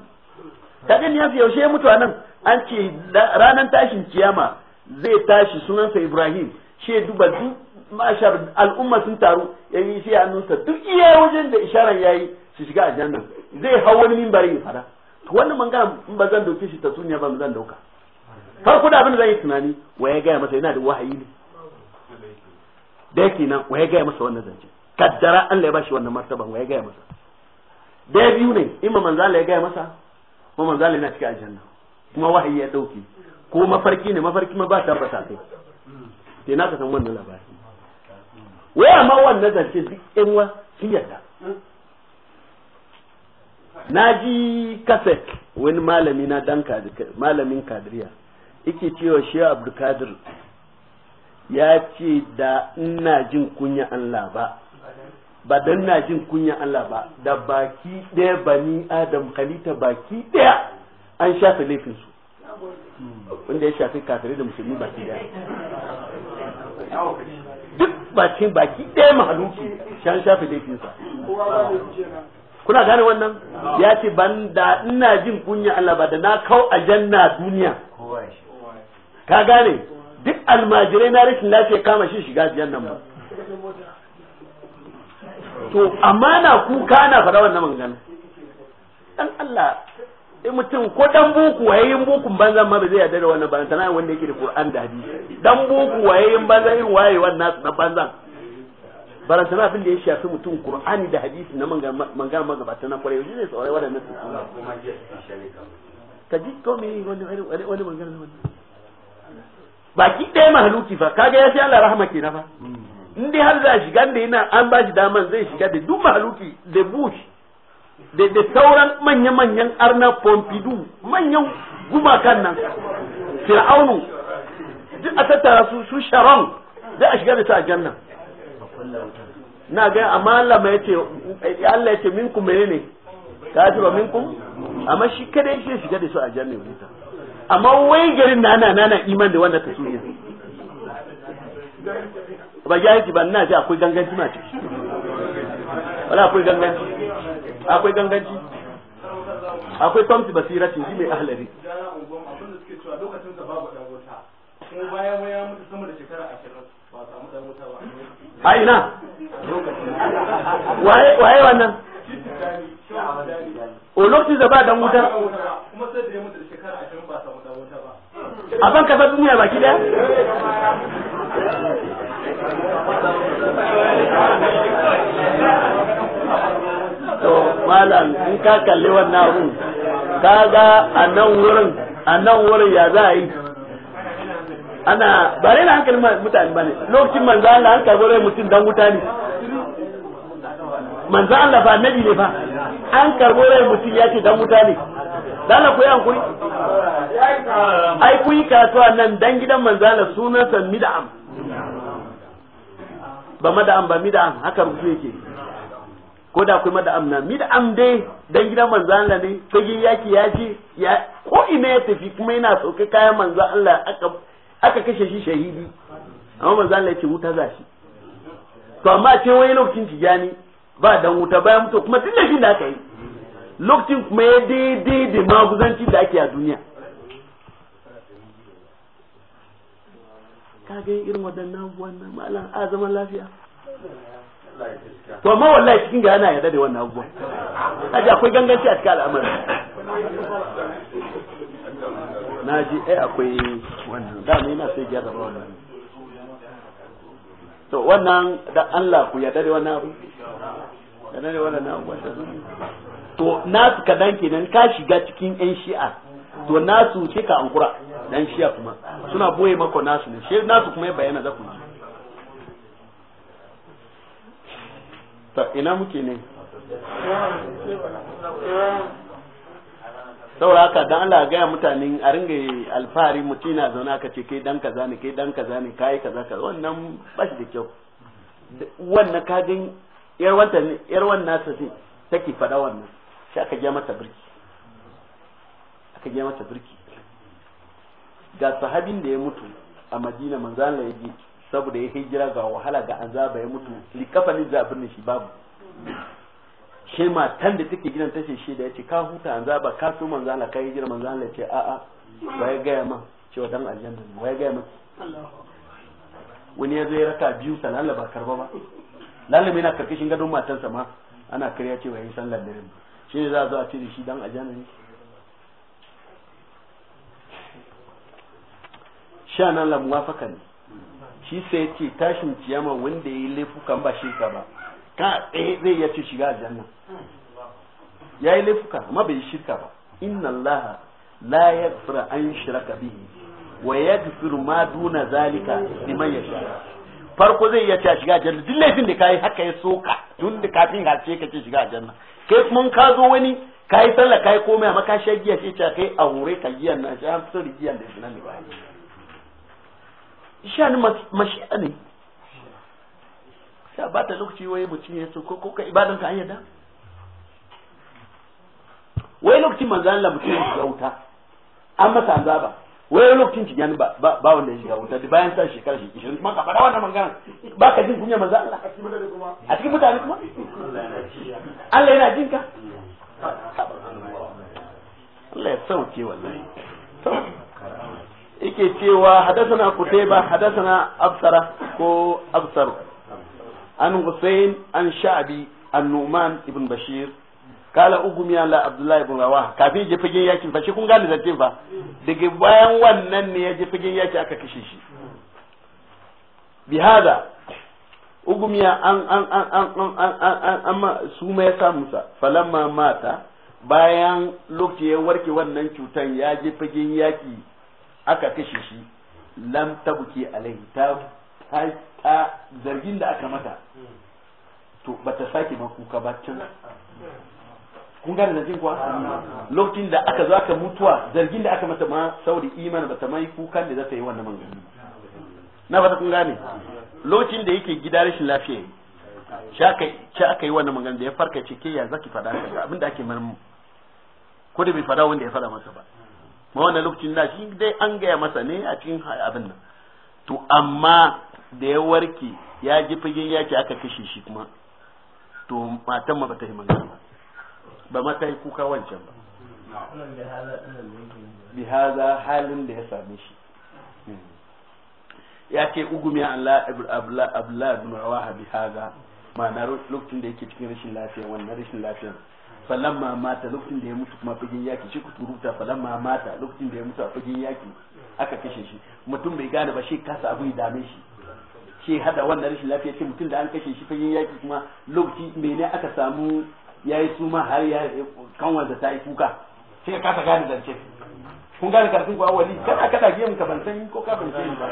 gani ya fi yaushe ya mutu a nan an ce ranar tashin kiyama zai tashi sunansa ibrahim shi duba duk mashar al'umma sun taru ya yi shi nusa duk iya wajen da isharar ya yi su shiga aljanna zai hau wani mimbari ya fada to wannan mangana in ba zan dauke shi ta suniya ba zan dauka farko da abin da zan yi tunani wa ya gaya masa yana da wahayi ne da yake nan waye gaya masa wannan zance kaddara Allah ya bashi wannan martaban waye gaya masa da biyu ne imma manzo Allah ya gaya masa kuma manzo Allah yana cikin aljanna kuma wahayi ya dauke ko mafarki ne mafarki ma ba tabbata kai sai na ka san wannan labari waya ma wannan zance duk ɗan wa sun yarda na kaset wani malami na dan malamin kadiriya yake cewa shehu abdulkadir ya ce da ina jin kunya Allah ba ba dan na jin kunya Allah ba da baki ɗaya bani adam halitta baki ɗaya an shafe laifin su wanda ya shafi kafirai da musulmi baki ɗaya duk bakin baki ɗaya mahaluki shan shafe sa kuna gane wannan ya ce ban da ina jin kunya Allah ba da na kau a janna duniya ka gane duk almajirai na rashin lafiya kama shi shiga aljanna ba to amana kuka na faɗa wannan mangana. dan Allah in mutum ko dan buku wayayin bukun banzan ma ba zai yarda da wannan ba sanan wanda yake da Qur'an da hadisi dan buku wayayin banzan irin wayewan nasu na banzan sanan abin da ya shafi mutum Qur'ani da hadisi na mangana magabata na kwarewa yanzu zai tsaurai nasu kuma ka ji to me wani wani wani wannan baki ɗaya mahaluki fa kaga ya fi Allah rahama ke fa in dai har za shiga da yana an ba shi daman zai shiga da duk mahaluki da bush da da sauran manya-manyan arna pompidou manyan gumakan nan fir'aunu duk a tattara su su sharon za a shiga da su a janna na ga amma Allah mai yace Allah yace minkum menene ka ji ba minkum amma shi kada shi shiga da su a janna amma wai garin na ana nana iman da wannan tasmiya ba ya yi ba na ji akwai ganganci ma ce wala akwai ganganci akwai ganganci akwai tamsi basira ce ji mai ahlari a ina waye wannan o lokacin da ba dan wuta kuma sai da ya mutu shekara 20 ba samu dan wuta ba a ban kasar duniya baki daya to malam in ka kalli wannan abun kaga a nan wurin a nan wurin ya za a yi ana ba rai na hankali mutane ba ne lokacin manzo Allah an karbi rai mutum dan wuta ne manzo Allah ba nabi ne fa an karbo rai mutum ya ce dan wuta ne dana ku yi kuri ai ku yi kasuwa nan dan gidan manzala sunansa mid'am ba am ba mid'am haka rubutu yake ko da da am na am dai dan gidan manzo Allah ne fage yaki ya ce ya ko ina ya tafi kuma yana sauke kayan manzo Allah aka aka kashe shi shahidi amma manzo Allah ya ce wuta za shi to amma ce wani lokacin jigani ba dan wuta bayan mutu kuma duk laifin da aka yi lokacin kuma ya daidai da maguzanci da ake a duniya kaga irin waɗannan abubuwan nan malam a zaman lafiya to amma wallahi cikin ga ana yarda da wannan abubuwan aji akwai ganganci a cikin al'amari na ji eh akwai wannan dama yana sai gyara wannan to wannan da Allah ku yarda da wannan abu yarda da wannan abu to nasu kadan kenan ka shiga cikin yan shi'a to nasu sai ka ankura dan shi'a kuma suna boye maka nasu ne shi nasu kuma ya bayyana za ku ta ina muke ne saboda haka dan Allah gaya mutane a ringa alfahari mutum na zaune aka ce kai dan kaza ne kai dan kaza ne kai kaza kaza wannan ba shi da kyau wannan kajin yar wanta ne yar wannan sa ce take fada wannan shi aka je mata birki aka je mata birki ga sahabin da ya mutu a Madina manzo Allah ya ji saboda ya hijira ga wahala ga azaba ya mutu likafanin zabin shi babu ke matan da take gidan tashi shi da yace ka huta an zaba ka so manzo Allah kai hijira manzo Allah ce a'a wai ga ma cewa dan aljanna ne ga ma wani ya zo ya raka biyu Allah ba karba ba lalle mai na karkashin gadon matansa ma ana kariya cewa yayi sallar dare shi ne za a zo a ce shi dan aljanna ne sha nan la muwafaka ne shi sai ce tashin ciyama wanda yayi laifukan ba shi ka ba ka tsaye zai iya ce shiga aljanna ya yi laifuka amma bai shirka ba inna allaha la yaghfiru an shiraka bihi wa yaghfiru ma duna zalika liman yasha farko zai iya cewa shiga aljanna duk laifin da kai haka ya soka tun da kafin ka kake shiga aljanna kai mun ka zo wani kai sallah kai komai amma ka sha giya sai ce kai a hore ka giyan na sha an fitar giyan da sunan ne ba shi ne mashi'a ne bata lokaci wai mu cinye su ko ka ibadan ka ayyada wai lokacin manzo Allah mutum ya shiga wuta an masa azaba wai lokacin ki gani ba ba wanda ya shiga wuta da bayan sa shekara shi 20 kuma ka faɗa wannan magana ba ka jin kunya manzo Allah a cikin mutane kuma Allah yana jin ka Allah ya sauke wallahi yake cewa hadasana kutaiba hadasana absara ko absaru an Hussein an Sha'bi an Numan Bashir kala ugumi ala Abdullahi ibn Rawah kafin je fagen yakin fa shi kun gane zance fa daga bayan wannan ne ya je fagen yaki aka kashe shi bi hada ugumiya an an an an an an an su ma ya mata bayan lokaci ya warke wannan cutar ya je fagen yaki aka kashe shi lam tabuki alaihi ta ta zargin da aka mata to ba ta sake ma kuka ba can kun gane zargin kuwa lokacin da aka zo aka mutuwa zargin da aka mata ma da imanin ba ta mai kukan da za ta yi wannan mangani na ta kun gane lokacin da yake gida rashin lafiya yi shi aka yi wannan magana da ya farka ce ke ya zaki fada ka abin da ake marmu ko da bai fada wanda ya fada masa ba ma wannan lokacin da shi dai an gaya masa ne a cikin abin nan to amma da ya warke ya ji fagen yaki aka kashe shi kuma to matan ma bata yi magana ba ba ma ta yi kuka wancan ba bi haza halin da ya same shi hmm. ya ce ugumi Allah abla ibn rawaha bi haza ma'ana lokacin da yake cikin rashin lafiya wannan rashin lafiyar falamma mata lokacin da ya mutu kuma fagen yaki shi kuturuta falamma mata lokacin da ya mutu a fagen yaki aka kashe shi mutum bai gane ba shi kasa abu ya dame shi shi hada wannan rashin lafiya ce mutum da an kashe shi fagen yaki kuma lokaci ne aka samu ya yi suma har ya kanwa da ta yi kuka sai ka kasa gane zance kun gane karfin kuwa wali kan aka tafiye mu ka ban san ko ka ban san ba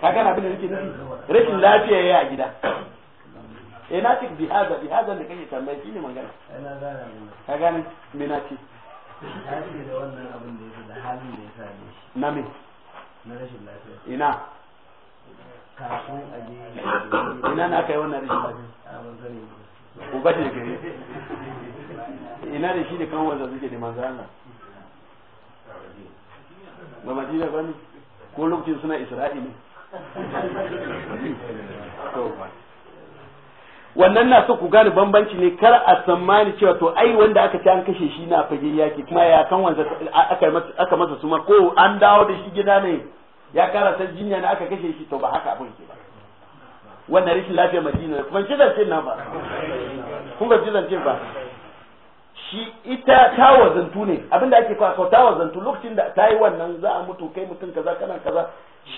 ka gane abin da nake nufi rashin lafiya ya a gida eh na tik bihaza bihaza da kake tambaya shi ne magana ka gane me na ce na da wannan abin da da halin da ya sa ne na me na rashin lafiya ina kafin a je ina na kai wannan rashin lafiya uba ne gare ina da shi ne kan wanda suke da manzo Allah ba madina ba ne ko lokacin suna isra'i ne wannan na so ku gane bambanci ne kar a tsammani cewa to ai wanda aka ci an kashe shi na fage yaki kuma ya kan wanda aka masa suma ko an dawo da shi gida ne ya karanta jinya na aka kashe shi to ba haka abin ke ba wannan rashin lafiya madina ban ci zance na ba kun ba ci zance ba shi ita tawazantu ne abinda ake kwa so tawazantu lokacin da ta yi wannan za a mutu kai mutum kaza kana kaza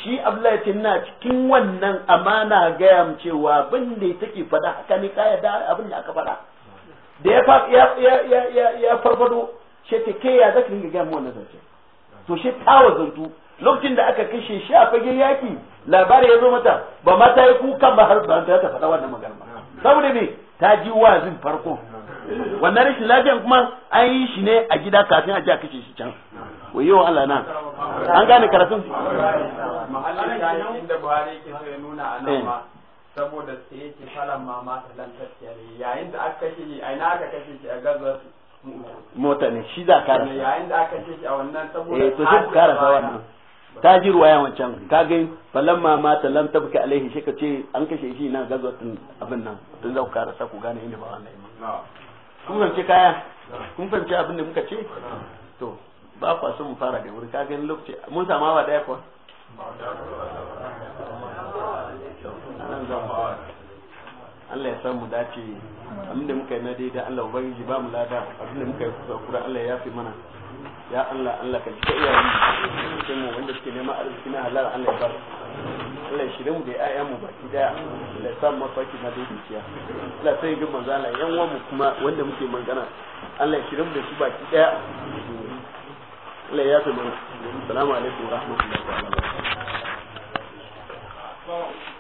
shi abdullahi ce na cikin wannan amana gaya yam cewa abin da take faɗa haka ne ka yarda abin da aka faɗa da ya ya ya ya farfado shi ta ke ya zaka ringa gaya mu wannan zance to shi tawazantu lokacin da aka kashe shi a fage yaki labari ya zo mata ba mata ta yi kukan ba har ba ta faɗa wannan magana ba saboda me ta ji wazin farko wannan rashin lafiyan kuma an yi shi ne a gida kafin a ji a kashe shi can wayo Allah na an gane karatun inda Buhari yake so ya nuna a ma saboda sai yake falan mama ta lantarki yayin da aka kashe shi a ina aka kashe shi a gazar mota ne shi za kare. yayin da aka kashe shi a wannan saboda eh to shi karasa wannan ta ji ruwaya wancan ka ga falamma mata lam tabki alaihi shi ka ce an kashe shi na gazwatin abin nan tun za ku karasa ku gane inda ba wannan kun fahimci kaya kun fahimci abin da muka ce to ba kwa so mu fara da wuri ka ga lokaci mun sama ba daya kwa Allah ya san mu dace abin da muka yi na daidai Allah ubangiji ba mu lada abin da muka yi kusa kura Allah ya fi mana ya Allah Allah ka jika iyayen cikin mu wanda suke nema arziki na halal Allah ya bar Allah ya shirye mu da ƴaƴan mu baki daya Allah ya sa mu mafaki na dukiya Allah sai ga manzo Allah yan mu kuma wanda muke magana Allah ya shirye mu da su baki daya Allah ya yafe mana assalamu alaikum wa rahmatullahi wa barakatuh